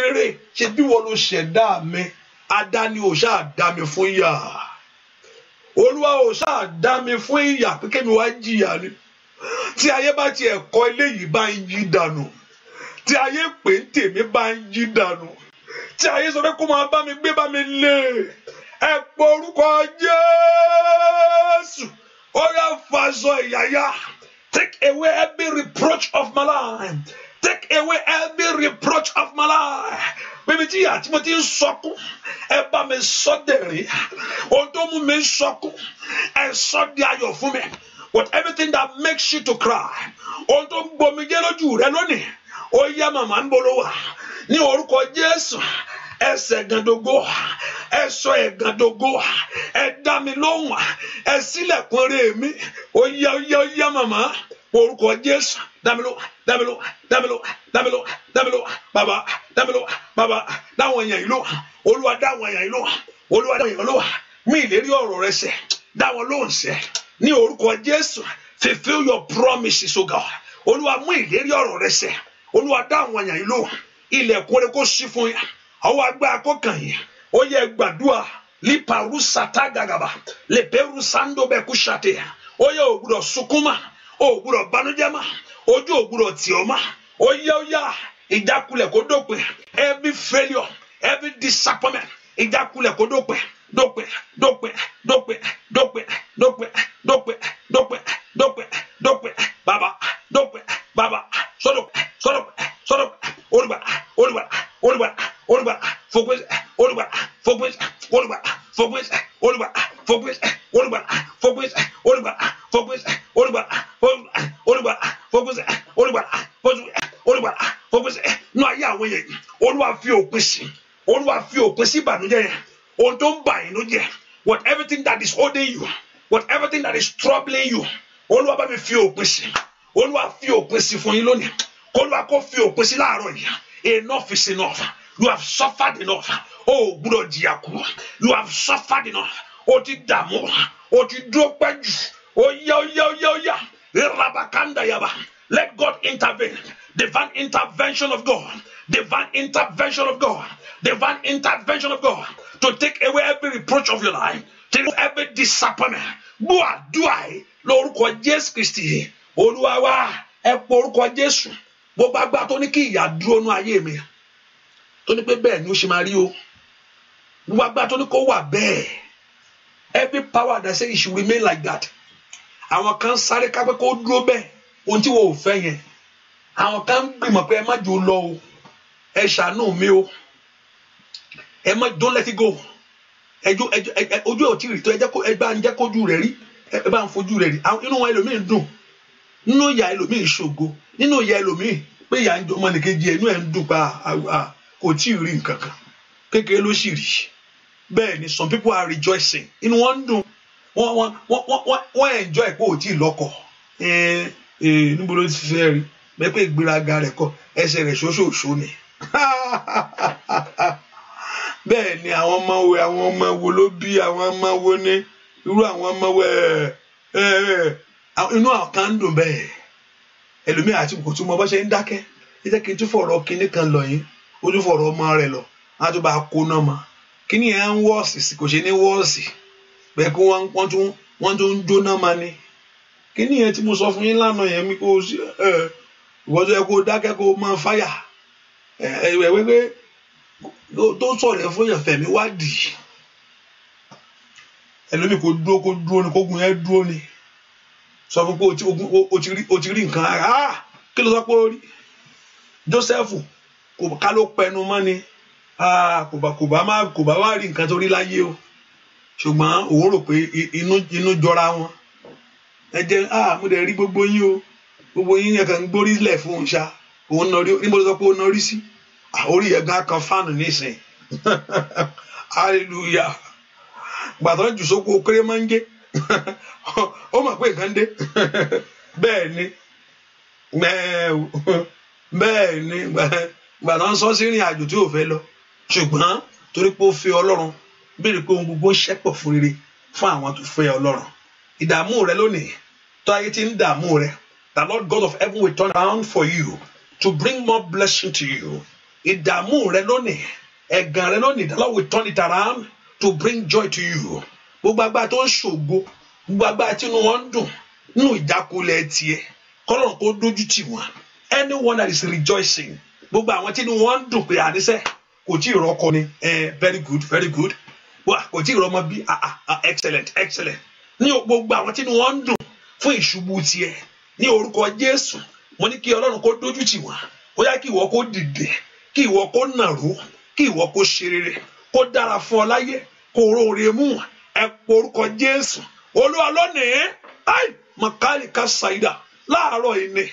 ṣe bí wọn ló ṣẹ̀dá mi adá ni ò dá mi fún yàrá olúwa ò ṣáà dá mi fún ìyà pé kémi wá jìyà ni tí ayé bá tiẹ̀ kọ́ eléyìí bá ń yí dànù tí ayé pè ń tèmi bá ń yí dànù tí ayé sọ pé kó máa bá mi gbé bá mi lé ẹ pọ orúkọ Jésù ó yá ìyáyá take away every reproach of my life take away every reproach of my life bíbi tí ìyá tí mo ti ń sọkún ẹ bá mi sọ dẹ̀rín ohun tó mú mi ń sọkún ẹ sọ di ayọ̀ fún mi with everything that makes you to cry ohun tó ń gbomijé lójú rẹ lónìí ó yá màmá ń bolo wà ní orúkọ Jésù ẹsẹ̀ gàdógó ẹsọ ẹgàdógó ẹdá mi lóhùn ẹsílẹ̀kùn rèémí ó yá ó yá ó yá màmá orúkọ Jésù dámiló dámiló dámiló dámiló dámiló Baba, dámiló bàbá dáwọn èèyàn yìí ló olúwa dáwọn èèyàn yìí ló olúwa dáwọn èèyàn ló mí ìlérí ọ̀rọ̀ rẹ ṣẹ dáwọn ló ń ṣẹ ní orúkọ jésù fulfil your promises o God olúwa mú ìlérí ọ̀rọ̀ rẹ ṣẹ olúwa dáwọn èèyàn yìí ló ilẹ̀kùn rẹ kó ṣí fún yà àwọn agbá akọ́kàn yìí ó yẹ gbàdúrà liparu satagagaba leperu sando bẹkusate ó yẹ ògbúdọ̀ sunkún mà ògbúdọ̀ banújẹ́ mà ojú òwúrọ̀ tì ọ́ mà ó yá ó yá ìjákulẹ̀ kó dópin every failure every disappointment ìjákulẹ̀ kó dópin dópin dópin dópin dópin dópin dópin dópin dópin dópin baba. dópin bàbá sọdọ sọdọ sọdọ olùgbà olùgbà. Olúwa Olúwa fòpin Olúwa fòpin Olúwa fòpin Olúwa fòpin Olúwa fòpin Olúwa fòpin Olúwa Olúwa fòpin Olúwa fòpin Olúwa fòpin nù ayé àwọn yẹn Olúwa fi òpin sí Olúwa fi òpin sí ìbànújẹ́ yẹn ohun tó ń bà yín ló jẹ́ what everything that is holding you what everything that is troubling you Olúwa bá mi fi òpin sí Olúwa fi òpin sí fún yín lónìí Olúwa kó fi òpin sí láàárọ̀ yìí. Enough is enough. You have suffered enough. Oh, gbúdọ̀ jìyà You have suffered enough. O oh, ti dààmú. O oh, ti dúró pẹ́ jù. Ó oh, yá ó yá ó yá yá. Rabakanda yaba. Let God intervene. Divine intervention of God. Divine intervention of God. Divine intervention of God. To take away every reproach of your life. Take away every disappointment. Gbúà dúà yìí lórúkọ Jesus Christi. Olúwa wa ẹ pọ gbogbo agbára tó ní kí ìyà dúró nú ayé mi tó ní pé bẹ́ẹ̀ ni ó ṣe máa rí o gbogbo agbára tó ní kó wà bẹ́ẹ̀ every power that say it should remain like that àwọn kan sáré kápẹ́ kó dúró bẹ́ẹ̀ ohun tí wọn ò fẹ́ yẹn àwọn kan ń gbìmọ̀ pé ẹ má jò lọ o ẹ ṣàánú mi o ẹ má don't let it go ẹjọ ẹjọ ojú ò tí ì rí tó ẹ jẹ́ kó ẹ bá ń jẹ́ kójú rẹ̀ rí ẹ bá ń fojú rẹ̀ rí inú wọn ẹlòmíín dùn nínú ìyá ẹlòmíín ṣògo nínú ìyá ẹlòmíì pé ìyá ń jọmọ nìkejì ẹnu ẹ ń dùn pa kò tí ì rí nǹkan kan kékeré ló sì rí bẹ́ẹ̀ ni some people are rejoicing inú wọn ń dùn wọn wọn wọn wọn enjoy pé ò tí ì lọ́kọ níbo ló ti fẹ́ rí mẹ́pẹ́ ìgbéraga rẹ̀ kọ ẹsẹ̀ rẹ̀ ṣoṣooṣo ni bẹ́ẹ̀ ni àwọn ọmọ wo àwọn ọmọ wo ló bí àwọn ọmọ wo ní irú àwọn ọmọ wo ẹ̀ ẹ̀ inú àwọn kan ń dùn bẹ́ẹ̀ ẹlòmíì àti kò tún mọ bó ṣe ń dákẹ́ ẹ jẹ́ kí n tún fọ̀rọ̀ kinní kan lọ yín ó tún fọ̀rọ̀ ọmọ rẹ̀ lọ á tún bá a kó náà mọ́ kinní yẹn ń wọ́ọ̀sì sí kò ṣe ní wọ́ọ̀sì bẹ́ẹ̀ kí wọ́n tún wọ́n tún ń jóná ma ni kinní yẹn tí mo sọ fún yín lánàá yẹn mi kò ṣe ẹ ìwọ tó dákẹ́ kó máa fáyà ẹ ẹ wẹ́wẹ́ tó sọ̀rọ̀ fún yẹn fẹ̀mí wádìí ẹlòmíì kò dúró kó dúró ni kó gun yẹn dúró ni sọ fún pé o ti rí nǹkan ara ah! kí ló sọ pé ó rí Joseph ká ló pẹnu mọ́ ni ah, kò bá má rí nǹkan tó rí láyé o ṣùgbọ́n òun rò pé inú jọra wọn ẹ jẹ́ ah, mo dẹ̀ rí gbogbo yín o gbogbo yín yẹn kàn ń gbórí lẹ̀ fún un ṣá òun nọrí níbo ló sọ pé ó nọrí sí orí yẹn gan kan fáànù nísìn hallelujah gbàtọ́ sóko kéré máa ń gé ó mọ̀ pé nǹkan dé bẹ́ẹ̀ ni bẹ́ẹ̀ ni gbà tán sọ sí ìrìn àjò tí ò fẹ́ lọ ṣùgbọ́n torí pé ó fẹ́ ọlọ́run béèrè pé ohun gbogbo ń ṣẹ́pọ̀ fún rere fún àwọn tó fẹ́ ọlọ́run ìdààmú rẹ lónìí tó ayé ti ń dààmú rẹ the lord god of heaven will turn around for you to bring more blessing to you ìdààmú rẹ lónìí ẹ̀gàn rẹ lónìí the lord will turn it around to bring joy to you gbogbo agbára tó ń ṣògo gbogbo agbára tí inú wọn ń dùn nínú ìjákulẹ̀ tiẹ̀ kọ́lọ́n kó dójú tì wọ́n anyone that is rejoicing gbogbo àwọn tí inú wọn ń dùn pé àníṣe kò tí ì rọ́kọ ni very good very good kò tí ì rọ́mọ bí excellent excellent ní gbogbo àwọn tí inú wọn ń dùn fún ìṣubú tiẹ̀ ní orúkọ Jésù mo ní kí Ọlọ́run kó dójú tì wọ́n ó yá kí ìwọ kó dìde kí ìwọ kó nàró kí ìwọ kó ṣe rere kó dára fún ọ láyé kó róore mú wọn ẹ porúkọ jésù olúwa lónìí ai makari ka ṣàyídà láàárọ̀ ìní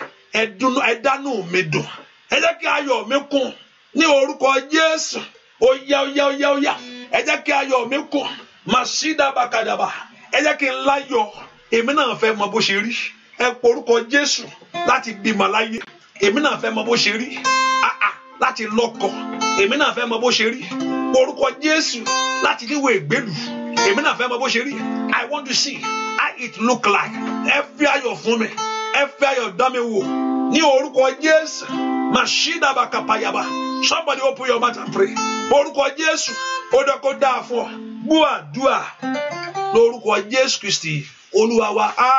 ẹdánù mi dùn ẹ jẹ́ kí ayọ̀ mi kún ní orúkọ jésù oyá oyá oyá oyá ẹ jẹ́ kí ayọ̀ mi kún màṣídàbàkàdàbà ẹ jẹ́ kí n láyọ̀ èmi náà fẹ́ mọ bó ṣe rí ẹ porúkọ jésù láti bímọ láyé èmi náà fẹ́ mọ bó ṣe rí àà láti lọ́kọ èmi náà fẹ́ mọ bó ṣe rí porúkọ jésù láti níwèé ìgbélùú èmi náà fẹ́ mọ bó ṣe rí i want to see how it look like ẹ fi ayọ̀ fún mi ẹ fi ayọ̀ dán mi wò ní orúkọ Jésù màṣídàbà kàpàyàbà somebody open your mouth and pray orúkọ Jésù ó dẹ́ kó dáa fún ọ gbọ́ àdúrà lórúkọ Jésù Kristi Olúwa wa á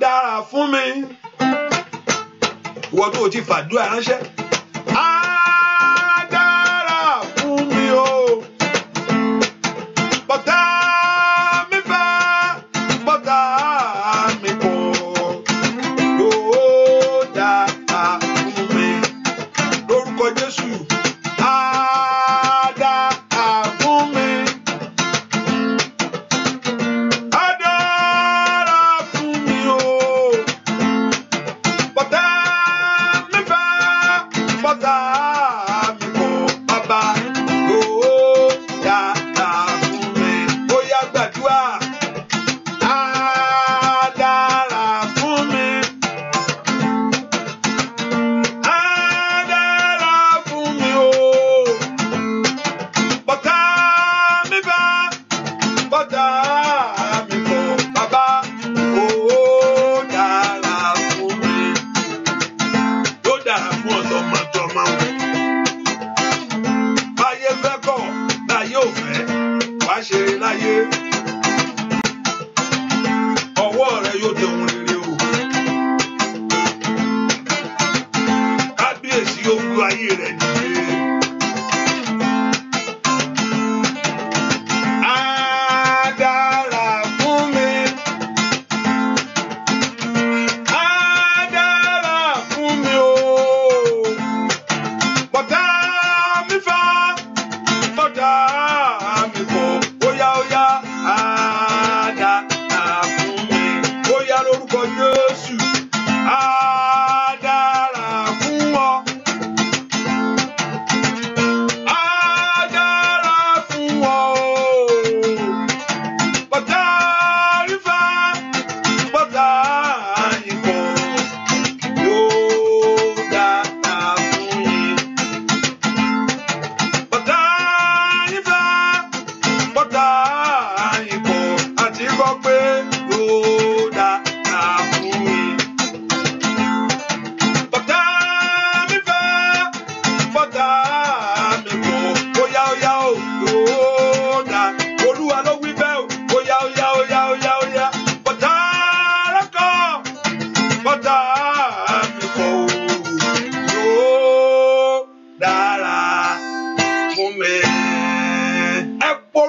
dára fún mi ìwọ tó o ti fàdúrà ránṣẹ́ á dára fún mi o.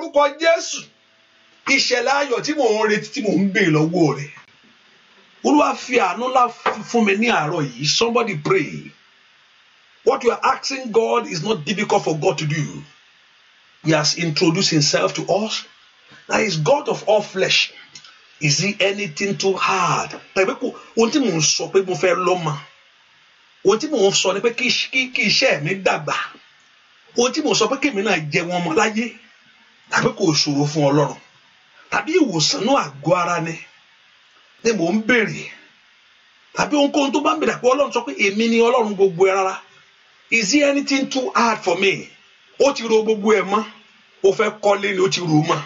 orúkọ Jésù ìṣẹ̀lẹ̀ ayọ̀ tí mò ń retí tí mò ń bè lọ́wọ́ rẹ̀ olúwa fi àánú ńlá fún mi ní àárọ̀ yìí somebody pray what you are asking God is not difficult for God to do he has introduced himself to us that is God of all flesh is he anything too hard tàbí kò ohun tí mò ń sọ pé mo fẹ́ lọ́mọ ohun tí mò ń sọ ni pé kí iṣẹ́ mi dàgbà ohun tí mò ń sọ pé kèmí náà jẹ wọn ọmọ láyé tàbí kò ṣòro fún ọlọ́run tàbí ìwòsàn náà àgọ́ ara ni ni mò ń béèrè tàbí ohunkóhun tó bá ń bèrè àpò ọlọ́run sọ pé èmi ni ọlọ́run gbogbo ẹ rárá is there anything too hard for me ó ti ro gbogbo ẹ mọ́ ó fẹ́ kọ́lé ni ó ti ro mọ́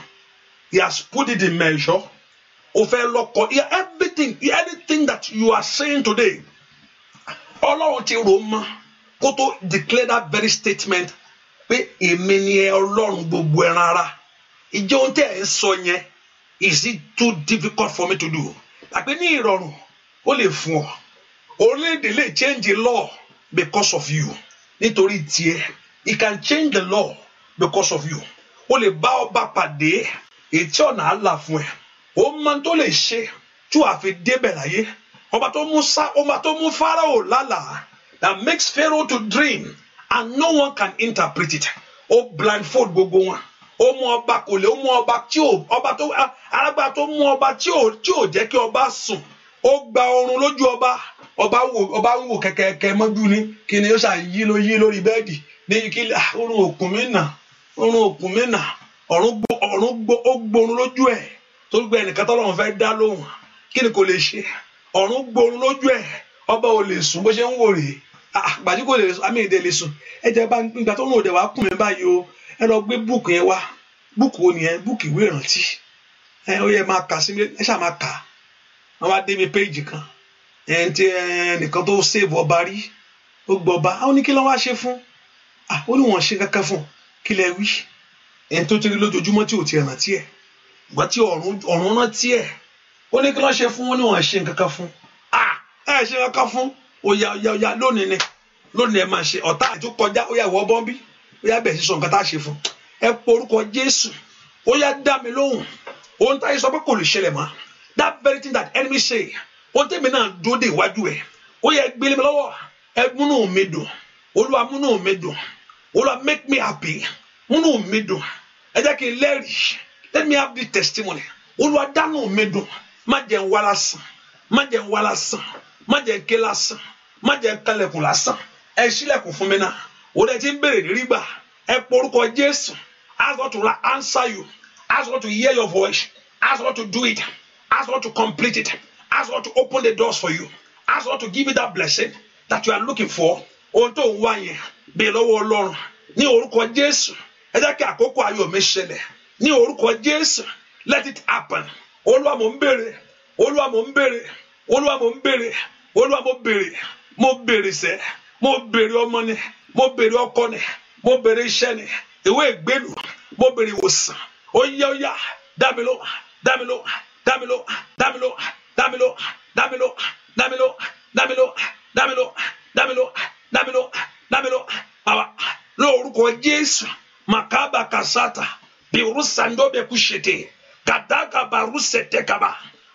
he has put it in measure ó fẹ́ lọ́kọ everything anything that you are saying today ọlọ́run ti ro mọ́ kó tó declare that very statement pé èmi ni ẹ ọlọ́run gbogbo ẹran ara ìjẹ́ ohun tẹ́ ẹ̀ sọ yẹn is it too difficult for me to do àpé ní ìrọ̀rùn ó lè fún ọ orílẹ̀ lè change the law because of you nítorí tiẹ̀ it can change the law because of you ó lè bá ọba pàdé ètí ọ̀nà àlà fún ẹ ó máa tó lè ṣe tí wàá fi débẹ̀ láyé ọba tó mú Fáráò lálàá that makes Pharaoh to dream and no one can interpret it ó blindfold gbogbo wọn ó mú ọba kò lè ó mú ọba tí ò ọba tó alágbára tó mú ọba tí ò tí ò jẹ́ kí ọba sùn ó gba oorun lójú ọba ọba wò ọba ń wò kẹkẹkẹ mọ́jú ni kí ni ó ṣà yí ló yí lórí bẹ́ẹ̀dì ní kí ah, oorun òkun mi nà oorun òkun mi nà ọ̀run gbó ọ̀run gbó ó gbórun lójú ẹ̀ tó gbẹ ẹnìkan tó lọ́run fẹ́ dá lóhùn kí ni kò lè ṣe ọ̀run gbórun lójú ẹ̀ ọba ò lè sùn bó ṣe ń wò rèé àgbàdì ah, kò lè sùn àmì ìdè lè sùn ẹ jẹ́ bá nígbà tó ń òde wàá kùn mí báyìí o ẹ lọ gbé búùkù yẹn wá búùkù wo nìyẹn búùkù ìwé ìrántí ẹ ó yẹ máa kà sí ẹ ṣáà máa kà wọn wá débi péèjì kan ẹ ń tẹ ẹnìkan tó sèèbù ọba rí ó gbọ́ ọba àwọn oníkí lọ́wọ́ á fún ah, ó ní wọ́n ṣe kankan fún kí lẹ wí ẹni tó ti lójoojúmọ́ tí ò ti rántí ẹ̀ ìgbà tí ọ̀run rántí ẹ̀ ó ní kí lọ́ ṣe fún wọn ní wọ́n ṣe kankan fún ah, ẹ ṣe kankan fún oya oya oya lónìí ni lónìí ẹ máa ṣe ọ̀tá àti kọjá oya ìwọ bọ́ bí oya bẹ̀ sísọ nǹkan tá a ṣe fún ẹ porúkọ Jésù oya dá mi lóhùn ohun táyé sọ pé kò lè ṣẹlẹ̀ mọ́ that very thing that enemy say ohun tèmi náà dúró dé iwájú ẹ oya ẹ gbélé mi lọ́wọ́ ẹ múnú mi dùn olúwa múnú mi dùn olúwa make me happy múnú mi dùn ẹ jẹ́ kí n lẹ́rìí let me have the testimony olúwa dánú mi dùn má jẹ́ ń wá lásán má jẹ́ ń wá lásán má jẹ́ ń ké lásán má jẹ́ kálẹ̀kùn lásán ẹ ṣílẹ̀kùn fún mi náà ó dẹ̀ ti ń béèrè rírí gbà ẹ porúkọ Jésù ask God to answer you ask God to hear your voice ask God to do it ask God to complete it ask God to open the doors for you ask God to give you that blessing that you are looking for ohun tó ń wá yẹn bèè lọ́wọ́ Ọlọ́run ní orúkọ Jésù ẹ jẹ́ kí àkókò ayọ̀ mi ṣẹlẹ̀ ní orúkọ Jésù let it happen Olúwa mò ń béèrè Olúwa mò ń béèrè Olúwa mò ń béèrè Olúwa mò ń béèrè mo béèrè sẹ́ mo béèrè ọmọ ni mo béèrè ọkọ ni mo béèrè iṣẹ́ ni ìwé ìgbélu mo béèrè ìwòsàn ó yá ó yá dámiló dámiló dámiló dámiló dámiló dámiló dámiló dámiló dámiló dámiló dámiló dámiló àwa lórúkọ Jésù makaba kasata birusanjo bekushete kàdáka barusete kaba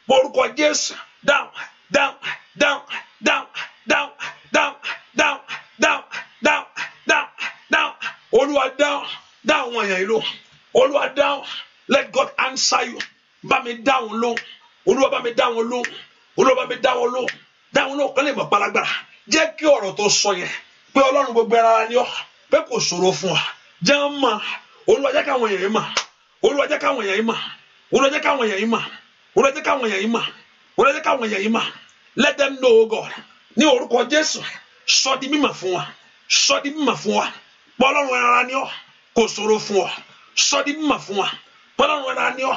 lórúkọ Jésù dáhùn dáhùn dáhùn dáhùn down, down, down. dáhùn dáhùn dáhùn down, olúwa dáhùn dáhùn wọn yẹn ló olúwa down. let God answer you bá mi dáhùn ló olúwa bá mi dáhùn ló olúwa bá mi dáhùn ló dáhùn ló kọ́ lè mọ̀ palagbára jẹ́ kí ọ̀rọ̀ tó sọ yẹn pé ọlọ́run gbogbo ara ni ọ pé kò ṣòro fún ọ jẹ́ ń mọ̀ olúwa jẹ́ káwọn èèyàn mọ̀ olúwa jẹ́ káwọn èèyàn mọ̀ olúwa jẹ́ káwọn èèyàn mọ̀ olúwa jẹ́ káwọn èèyàn mọ̀ olúwa jẹ́ káwọn èèyàn mọ̀ let them know God ní orúkọ jésù sọ di mímọ̀ fún wa sọ di mímọ̀ fún wa pọlọ́run ara ni ọ́ kò ṣòro fún ọ sọ di mímọ̀ fún wa pọlọ́run ara ni ọ́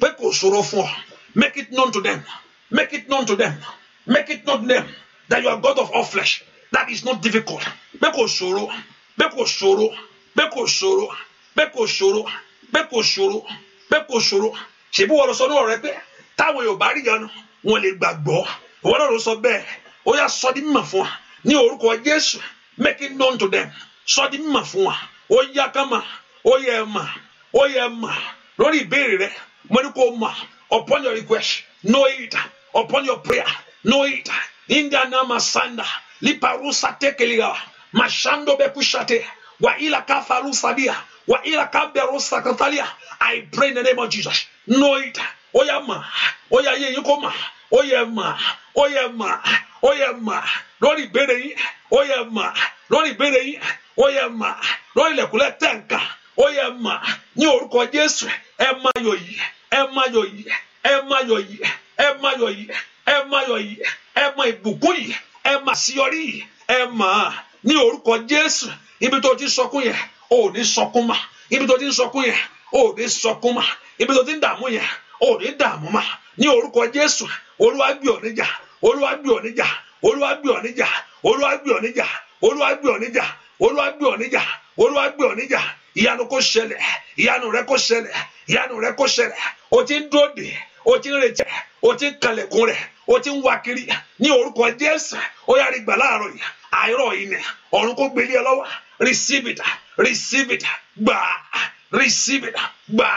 pé kò ṣòro fún ọ make it known to them make it known to them make it known to them that you are God of all flesh that is not difficult pé kò ṣòro pé kò ṣòro pé kò ṣòro pé kò ṣòro pé kò ṣòro pé kò ṣòro ṣèbí wọ́n lọ sọ ní ọ̀rẹ́ pé táwọn Yorùbá rí yanu wọn lè gbàgbọ́ wọ́n lọ́rùn sọ bẹ́ẹ̀ ó yà sọ di mímọ̀ fún wa ní orúkọ make it known to them sọ di mímọ̀ fún wa ó yá ká mà lori yẹ mà ó yẹ upon your request know it upon your prayer know it indiana masanda liparusa tekeliga mashando bekushate wa ila kafarusadia wa ila kaberusa katalia I pray in the name of Jesus know it ó yá mà ó yá yẹ yín kó mà ó ó yẹ mà lórí ìbéèrè yín ó yẹ mà lórí ìbéèrè yín ó yẹ mà lórí ilẹ̀kùnlẹ̀ tẹ̀ǹkà ó yẹ mà ní orúkọ Jésù ẹ máa yọ̀ yìí ẹ máa yọ̀ yìí ẹ máa yọ̀ yìí ẹ máa yọ̀ yìí ẹ máa yọ̀ yìí ẹ máa ìbùkún yìí ẹ máa síyọrí yìí ẹ máa ní orúkọ Jésù ibi tó ti sọkún yẹn ò ní sọkún mà ibi tó ti sọkún yẹn ò ní sọkún mà ibi tó ti dààmú yẹn ò ní dààmú mà ní orúkọ Jésù Olúwa gbé ọ olúwa gbé ọ níjà olúwa gbé ọ níjà olúwa gbé ọ níjà olúwa gbé ọ níjà olúwa gbé ọ níjà olúwa gbé ọ níjà ìyanu kò ṣẹlẹ̀ ìyanu rẹ kò ṣẹlẹ̀ ìyanu rẹ kò ṣẹlẹ̀ o ti ń dúró o ti ń retí o ti ń kalẹ̀kùn rẹ̀ o ti ń wá kiri ní orúkọ Jésù ó yára ìgbà láàárọ̀ yìí àìrọ̀ yìí ni ọ̀run kò gbélé ẹ receive it receive it gbà receive it gbà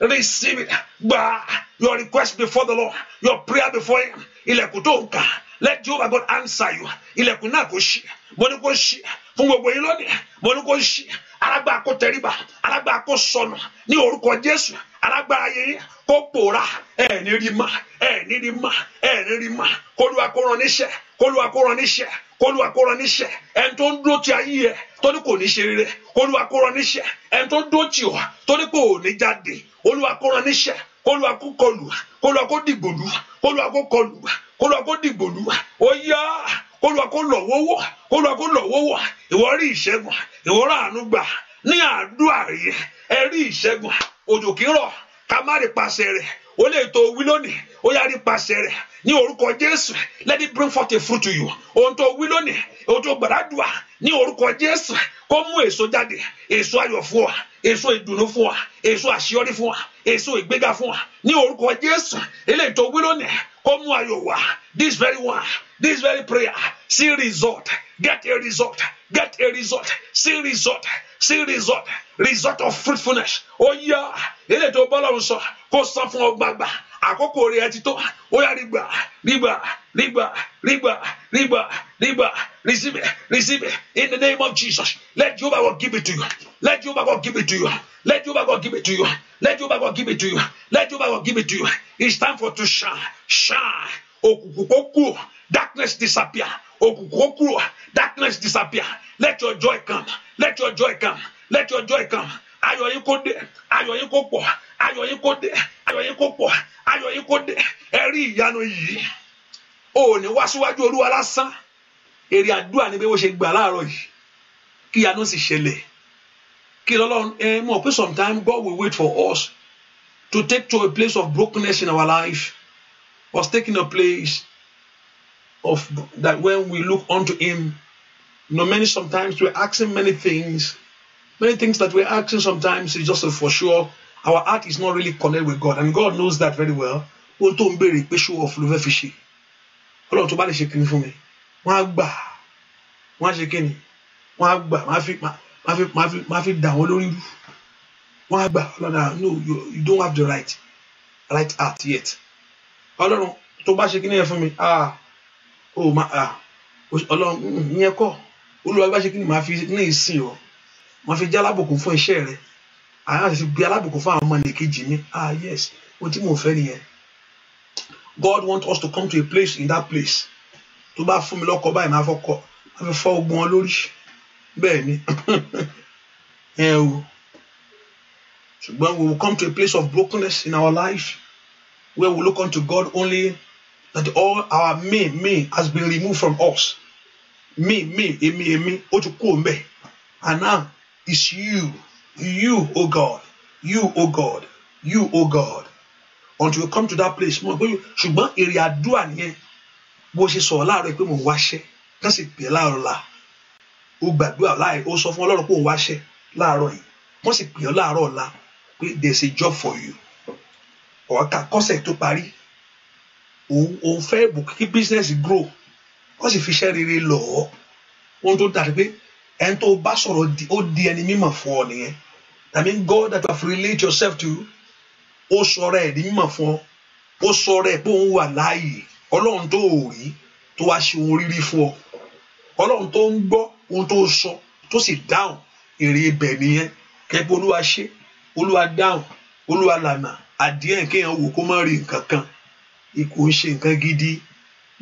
receive it gba your request before the Lord your prayer before him ilẹ̀kùn tó let Jehovah God answer you ilẹ̀kùn náà kò ṣí mo ní kò ṣí fún gbogbo yín lónìí mo ní kò ṣí kopora. Eh tẹríba eh kó eh ní orúkọ Jésù alágbára yẹn kó pòórá ẹ ní rí ma ẹ ní rí ma ẹ ní rí ma kólúwa kó rán níṣẹ́ kólúwa kó rán níṣẹ́ kólúwa olúwa kó rán níṣẹ́ kólúwa kó kọlù wa kólúwa kó dìgbòlù wa kólúwa kó kọlù wa kólúwa kó dìgbòlù wa ó yá kólúwa kó lọ wọ́wọ́ kólúwa kó lọ wọ́wọ́ ìwọ rí ìṣẹ́gun ìwọ rà àánú gbà ní àdúrà yìí ẹ rí ìṣẹ́gun òjò kí ká má rí pàṣẹ rẹ̀ ó lè tó wí lónìí ó yá rí pàṣẹ rẹ̀ ní orúkọ Jésù let it bring forth a fruit to you ohun tó wí lónìí ohun tó gbàdúrà ní orúkọ jésù kó mú èso jáde èso ayọ̀ fún wa èso ìdùnnú fún wa èso àṣeyọrí fún wa èso ìgbéga fún wa ní orúkọ jésù eléyìí tó wí lónìí kó mú ayọ̀ wá this very one this very prayer see result Get a result. Get a result. See result. See result. Result of fruitfulness. Ó yá ilé tó bọ́ lọ́run sọ kó san fún ọgbàgbà àkókò rẹ̀ ti tó ó oh, yá rígbà rígbà rígbà rígbà rígbà rígbà receive it receive it in the name of Jesus let Jehovah God give it to you let Jehovah God give it to you let Jehovah God give it to you let Jehovah God give it to you let Jehovah God give it to you it's time for to shine shine òkùnkùn kó kú darkness disappear òkùnkùn ó kúrò darkness disappear let your joy come let your joy come let your joy come ayọ̀ yín kó dé ayọ̀ yín kó pọ̀ ayọ̀ yín kó dé ayọ̀ yín kó pọ̀ ayọ̀ yín kó dé ẹ rí ìyanu yìí o ò ní wá síwájú olúwa lásán èrè àdúrà ni bí wọ́n ṣe gbà láàárọ̀ yìí kí ìyanu sì ṣẹlẹ̀ kí lọ́lọ́run ẹ mọ̀ pé sometimes God will wait for us to take to a place of brokenness in our life was taking a place of that when we look unto him you know many sometimes we're asking many things many things that we're asking sometimes is just for sure our heart is not really connected with god and god knows that very well ohun tó ń béèrè pé ṣó ọ̀fun ló fi ṣe ọlọ́run tó bá lè ṣe kíni fún mi wọ́n á gbà wọ́n á ṣe kíni wọ́n á gbà wọ́n fi máa fi máa fi máa fi dà wọ́n lórí rú wọ́n á gbà ọlọ́run no you don't have the right right heart yet ọlọ́run tó bá ṣe kíni yẹn fún mi ah o máa à ọlọ́run mm, ìyẹn kọ́ olúwa ṣe kí ni màá fi ní ìsìn ọ màá fi jẹ́ alábòkún fún iṣẹ́ rẹ àwọn àti fi gbé fún àwọn ọmọ nìkejì mi ah yes ohun tí mò ń nìyẹn God want us to come to a place in that place tó bá fún mi lọ́kọ báyìí máa fọkọ máa fi fọ́ ogun ọ lórí bẹ́ẹ̀ ni ẹ o ṣùgbọ́n we will come to a place of brokenness in our life where we look unto God only that all our me me has been removed from us me me èmi èmi ó ti kúrò mbẹ and now it's you you o oh God you o oh God you o oh God until you come to that place mo gbóyò ṣùgbọ́n èrè àdúrà nìyẹn bó ṣe sọ̀rọ̀ láàárọ̀ pé mò ń wáṣẹ́ kán sì pè é láàárọ̀ la ó gbàdúrà láì ó sọ fún Ọlọ́run pé òun wáṣẹ́ láàárọ̀ yìí wọ́n sì pè é láàárọ̀ la pé there is a job for you ọ̀ọ́ka kọ́sẹ̀ tó parí òun òun fẹ́ kí business grow wọ́n sì fi iṣẹ́ rere lọ̀ ọ́ ohun tó dàrí pé ẹni tó bá sọ̀rọ̀ ó di ẹni mímọ̀ fún ọ nìyẹn I mean God that you have relate yourself to ó sọ̀rọ̀ ẹ̀ di mímọ̀ fún ọ ó sọ̀rọ̀ ẹ̀ pé òun wà láàyè ọlọ́run tó ò rí tó wá ṣe ohun rírí fún ọ ọlọ́run tó ń gbọ́ ohun tó sọ tó sì dáhùn èrè ibẹ̀ nìyẹn kẹ́gbẹ́ olúwa ṣe olúwa dáhùn olúwa lànà àdìẹ́ kéèyàn wò kó má rí nǹkan kan kò ń ṣe nǹkan gidi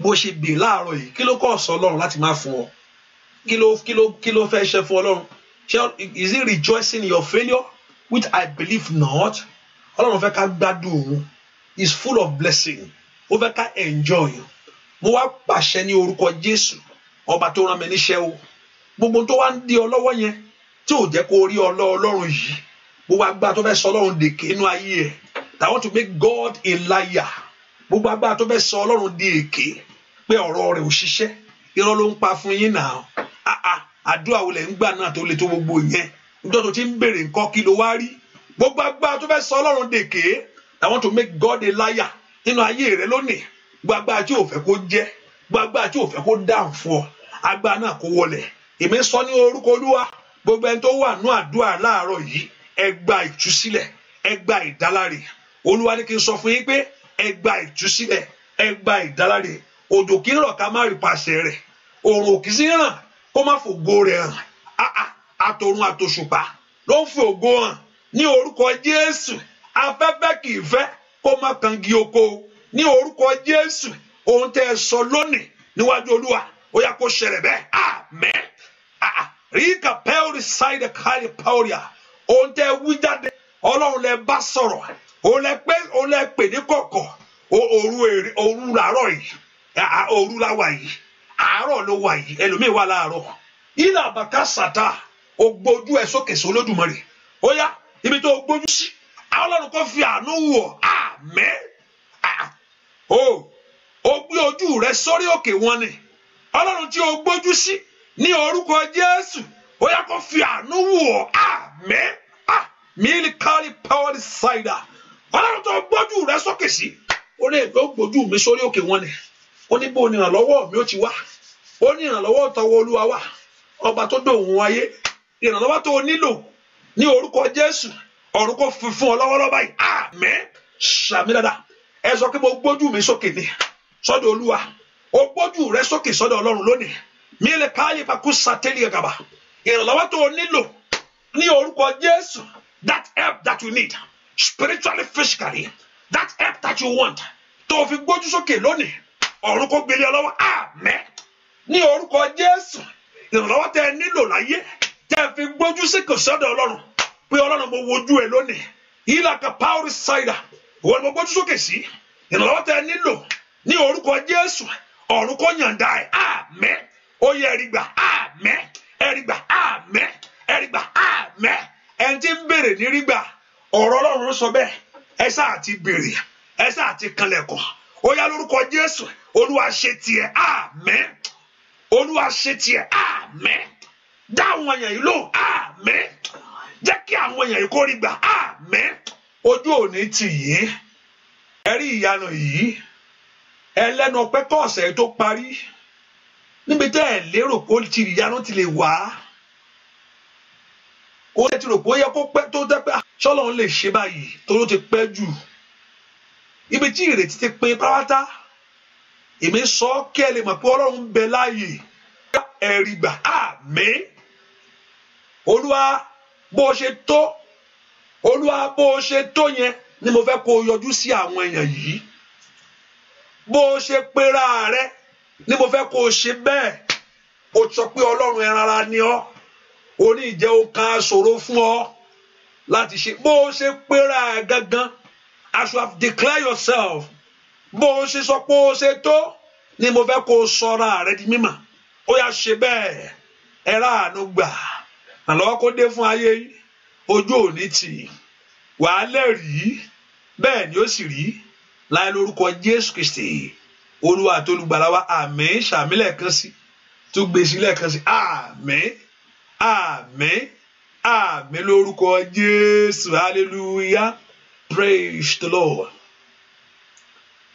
bó ṣe gbè láàárọ̀ yìí kí ló kọ sọ Ọlọ́run láti má fún ọ kí ló kí ló kí ló fẹ́ ṣe fún Ọlọ́run ṣe is he rejoicing in your failure which I believe not Ọlọ́run fẹ́ ká gbádùn òun is full of blessing ó fẹ́ ká enjoy mo wá pàṣẹ ní orúkọ Jésù ọba tó rán mi níṣẹ́ o gbogbo tó wá ń di ọ lọ́wọ́ yẹn tí ò jẹ́ kó rí ọ lọ yìí gbogbo agbára tó fẹ́ sọ Ọlọ́run dèké inú ayé ẹ̀ that want to make God a liar. gbogbo agbára tó fẹ́ sọ ọlọ́run di èké pé ọ̀rọ̀ rẹ̀ ò ṣiṣẹ́ irọ́ ló ń pa fún yín náà àà ah, ah, àdúrà wo lẹ̀ ń gbà náà tó le tó gbogbo yẹn Ndọtọ tó ti ń béèrè nǹkan kí ló wá rí gbogbo agbára tó fẹ́ sọ ọlọ́run di èké to make God a liar nínú rẹ lónìí gbogbo agbára tí ò fẹ́ kó gbogbo agbára sọ gbogbo ẹni tó wà nú àdúrà yìí ẹ gba ẹ gba ìtúsílẹ̀ ẹ gba ìdáláre òjò kì í rọ̀ ká má rí paṣẹ rẹ̀ òrùn kì í sí ràn kó má fògo rẹ̀ hàn ah, ah, àtòrun àtòṣùpá ló ń fi ògo hàn ní orúkọ Jésù afẹ́fẹ́ kì í fẹ́ kó má kangi oko ní orúkọ Jésù ohun tẹ́ ẹ sọ lónìí níwájú Olúwa ó yá kó ṣẹlẹ̀ bẹ́ẹ̀ àmín ah, rí kàpẹ́ọ̀rì ṣáìdẹ̀ kárì pàórìà ohun tẹ́ ẹ wí jáde ọlọ́run lẹ bá sọ̀rọ̀ o lẹ pé lẹ pè ní kọ̀kọ̀ òru èrè òru làárọ̀ yìí òru yìí àárọ̀ ló wà yìí ẹlòmíì wà láàárọ̀ ilà bàtà sàtà o gbójú ẹ sókè sí olódùmarè ibi tó o gbójú sí ọlọ́run kò fi àánú wò àmẹ́ o o gbé ojú rẹ sórí òkè wọn ni ọlọ́run tí o gbójú mílíkàlì pẹ́wọ́lì ṣáìdà ọlọ́run tó gbójú rẹ sókè sí ó ní èmi ó gbójú mi sórí òkè wọn ni ó ní bó ní ìrànlọ́wọ́ mi ó ti wá ó ní olúwa wá ọba tó ayé ìrànlọ́wọ́ tó nílò ní orúkọ jésù ọ̀run funfun fi báyìí àmín ṣàmì dáadáa ẹ sọ pé mo gbójú mi sókè ni olúwa ó gbójú rẹ sókè lónìí mílíkàlì pàkúṣà tẹ́lẹ̀ gàbà tó nílò ní orúkọ jésù that help that you need spiritually physically that help that you want tó fi gbójú sókè lónìí ọ̀run kò gbélé ọlọ́wọ́ àmẹ́ ní orúkọ Jésù ìrànlọ́wọ́ tẹ ẹ nílò láyé tẹ ẹ fi gbójú sókè sọ́dọ̀ Ọlọ́run pé Ọlọ́run mo wojú ẹ lónìí ìlà kapaori ṣáìdà òun mo gbójú sókè sí ìrànlọ́wọ́ tẹ ẹ nílò ní orúkọ Jésù ọ̀run kò yàǹda ẹ àmẹ́ ó yẹ àmẹ́ ẹ̀rí àmẹ́ ẹ̀rí àmẹ́ ẹni tí ń béèrè ní rígbà ọ̀rọ̀ ọlọ́run sọ bẹ́ẹ̀ ẹ sáà ti béèrè ẹ sáà ti kanlẹ̀kọ̀ ó yá lórúkọ jésù olúwa ṣe tiẹ̀ àmín olúwa ṣe tiẹ̀ àmín dá àwọn èèyàn yìí lóhùn àmín jẹ́ kí àwọn èèyàn yìí kó rí gbà àmín ojú òní tì yìí ẹ ìyanu yìí ẹlẹ́nu ọpẹ́ kọ́ ọ̀sẹ̀ tó parí níbi tẹ́ ẹ lérò pé ti ìyanu ti lè wá ó lè ti rò pé ó yẹ kó pẹ́ tó dẹ́ pé ah, ṣọ́lọ́ ń lè ṣe báyìí toró ti pẹ́ jù ibi tí ìrètí ti pin pátá èmi sọ kí ẹ lè mọ̀ pé ọlọ́run bẹ láàyè ẹ̀rì gbà àmín olúwa bó o ṣe tó olúwa bó o ṣe tó yẹn ni mo fẹ́ kó o yọjú sí àwọn èèyàn yìí bó o ṣe pera rẹ ni mo fẹ́ kó o ṣe bẹ́ẹ̀ o sọ pé ọlọ́run ẹran ara ni ọ́ ó ní ìjẹ́ ó kan aṣòro fún ọ láti ṣe bó o ṣe pera gangan as you have declared yourself bó o ṣe sọ pé o ṣe tó ni mo fẹ́ kó o sọra rẹ di mímọ̀ ó yá ṣe bẹ́ẹ̀ ẹ ráàánú gbà àlọ́ kó dé fún ayé ojú òní tì wàá lẹ́rìí bẹ́ẹ̀ ni ó sì rí láì lórúkọ Jésù Kristi Olúwa àti Olùgbàlà wa àmín ṣàmílẹ̀ kan sí tún gbèsè lẹ́ẹ̀kan sí àmín. Ah, Amen. Lord lórúkọ jésù hallelujah praise the lord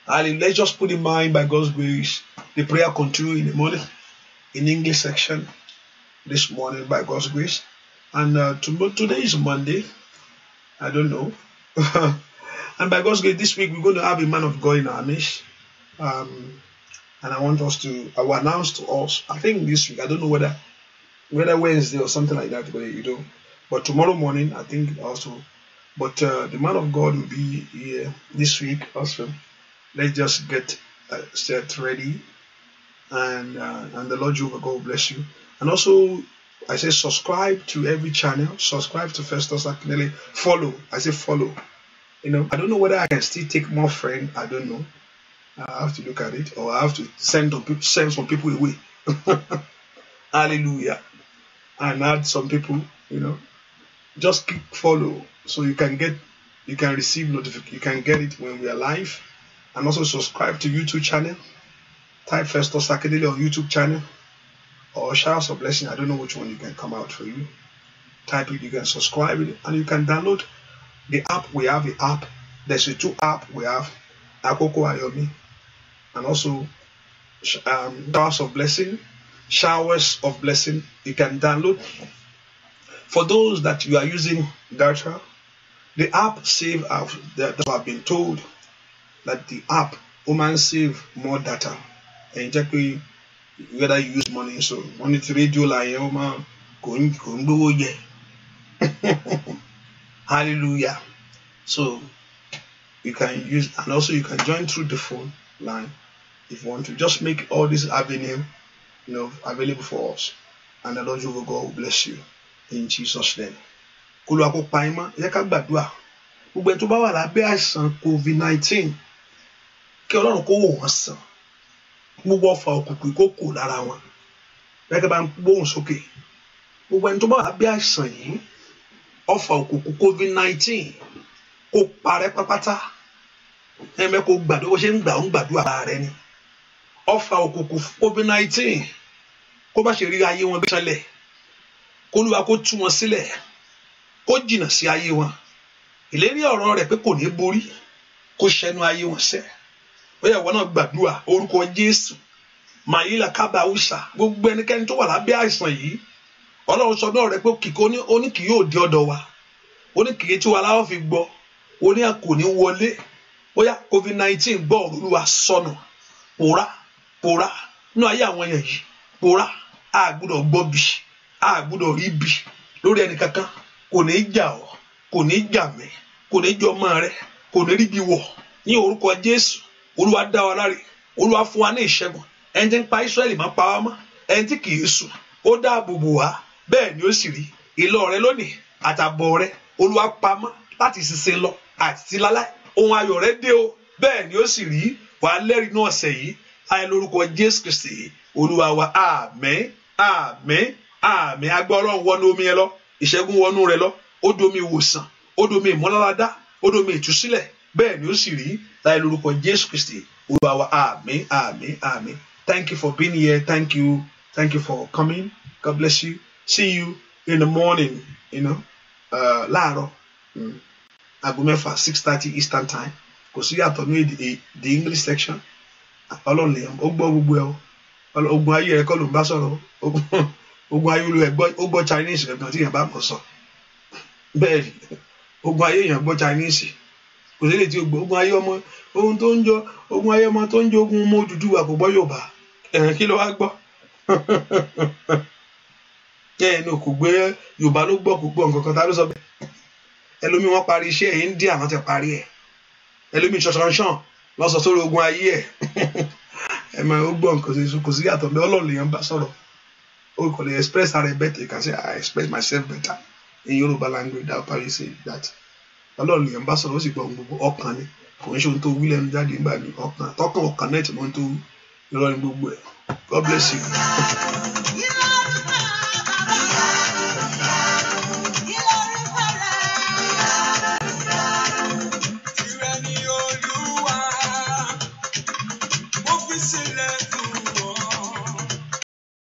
hallelujah let's just put in mind by God's grace the prayer continue in the morning in English section this morning by God's grace and uh, today is Monday I don't know and by God's grace this week we're going to have a man of God in our midst um, and I want us to I will announce to us I think this week I don't know whether whether Wednesday or something like that, but you know. But tomorrow morning, I think also. But uh, the man of God will be here this week also. Let's just get uh, set ready, and uh, and the Lord Jehovah God bless you. And also, I say subscribe to every channel. Subscribe to Festus Akinele. Follow. I say follow. You know, I don't know whether I can still take more friend. I don't know. I have to look at it, or I have to send some people, send some people away. Hallelujah and add some people, you know, just click follow so you can get you can receive notification you can get it when we are live and also subscribe to YouTube channel. Type Festus secondly on YouTube channel or Shouts of Blessing. I don't know which one you can come out for you. Type it, you can subscribe it, and you can download the app. We have the app. There's a two app we have Akoko Ayomi and also um, Shouts of Blessing showers of blessing you can download. For those that you are using data, the app Save app that I've been told that the app woman save more data. And exactly whether you use money. So money to radio like woman oh, Hallelujah. So you can use and also you can join through the phone line if you want to. Just make all this avenue you know, available for us. And the Lord Jehovah God will bless you in Jesus' name. Kólú akópa yín mọ́, ẹ jẹ́ ká gbàdúrà. Gbogbo ẹni tó bá wà lábẹ́ àìsàn COVID-19 kí Ọlọ́run kó wò wọ́n sàn. Gbogbo ọfà òkùnkùn kó kù lára wọn. Gẹ́gẹ́ bá ń gbóhùn sókè. Gbogbo ẹni tó bá wà lábẹ́ àìsàn yìí, ọfà òkùnkùn COVID-19 kó parẹ́ pátápátá. Ẹ̀mẹ́ kò gbàdúrà bó ṣe ń gbà ó ń gbàdúrà rẹ ni ọfà òkùnkùn covid nineteen kó bá ṣe rí ayé wọn gbé sánlẹ̀ kólúwa kó tú wọn sílẹ̀ kó jìnnà sí ayé wọn ìlérí ọ̀rọ̀ rẹ̀ pé kò ní borí kó ṣẹnu ayé wọn sẹ́ ó yẹ wọn náà gbàdúrà orúkọ Jésù màyílà kábàáwùsà gbogbo ẹnikẹ́ni tó wà lábẹ́ àìsàn yìí Ọlọ́run sọ náà rẹ pé kìkọ́ ní kì yóò di ọ̀dọ̀ wa ó ní kìkì tí wa láwọ́ fi gbọ́ ó ní kò ní wọlé bóyá covid nineteen gbọ́ òrùlùwà sọnù pòórá pòórá nínú ayé àwọn èèyàn yìí pòórá a gbúdọ̀ gbọ́ bì a gbúdọ̀ rí bì lórí ẹnì kankan kò ní jà ọ́ kò ní jà mí kò ní jọ ọmọ rẹ kò ní ríbi wọ̀ ní orúkọ Jésù Olúwa dá wa láre Olúwa fún wa ní ìṣẹ́gun ẹni tí ń pa Ísírẹ́lì máa pa wá mọ́ ẹni tí kì í sùn ó dáàbò bò wá bẹ́ẹ̀ ni ó sì rí ìlọ rẹ lónìí àtàbọ̀ rẹ Olúwa pamọ́ láti ṣiṣẹ́ lọ àti ti láláì ohun ayọ̀ rẹ dé o bẹ́ẹ̀ ni ó sì rí wàá lẹ́rìí ní ọ̀sẹ̀ yìí ayé lórúkọ jésù kristi olúwa wa àmín àmín àmín agbọ́ ọlọ́run wọnú omi yẹn lọ ìṣẹ́gun wọnú rẹ lọ ó domi ìwòsàn ó domi ìmọ́ládá ó domi ìtúsílẹ̀ bẹ́ẹ̀ ni ó sì rí láyé lórúkọ jésù kristi olúwa wa àmín àmín àmín thank you for being here thank you thank you for coming god bless you see you in the morning you know uh, láàárọ̀ hmm, aago mẹ́fà six thirty eastern time kò sí yàtọ̀ ní the english section ọlọ́run nìyẹn ó gbọ́ gbogbo ẹ o ogun ayé rẹ kọ́ ló ń bá sọ̀rọ̀ ogun ayé olùwẹ̀ ó gbọ́ chinese kankan tí yẹn bá mọ̀ sọ bẹ́ẹ̀ ni ogun ayé yẹn gbọ́ chinese kò sí lè ti gbọ́ ogun ayé ọmọ ohun tó ń jọ ogun ayé ọmọ tó ń jọ ogun ọmọ Odùduwà kò gbọ́ Yorùbá ẹ̀rìn kí ló wá gbọ́ ẹ̀ẹ́n kò gbé Yorùbá ló gbọ́ kò gbọ́ nǹkan kan ta ló sọ bẹ́ẹ̀ ẹlòmíì wọ́n parí iṣẹ́ India wọ́n ti parí ẹ̀ ẹlòmíì ṣọṣọ ṣàn lọ́sọ sórí ogun ayé ẹ̀ ẹ mọ̀ ó gbọ́ nǹkan ṣe kò sí yàtọ̀ bẹ́ẹ̀ ọlọ́run lèèyàn bá sọ̀rọ̀ ó kò lè express ara ẹ better you say I express myself better in Yoruba language that how say that ọlọ́run lèèyàn bá sọ̀rọ̀ ó sì gbọ́ gbogbo ọkàn ni kò ń ṣe ohun tó wí lẹ́nu jáde nígbà mi ọkàn tọkàn ọkàn náà ti mọ ohun tó wí lọ́rin gbogbo ẹ̀ God bless you.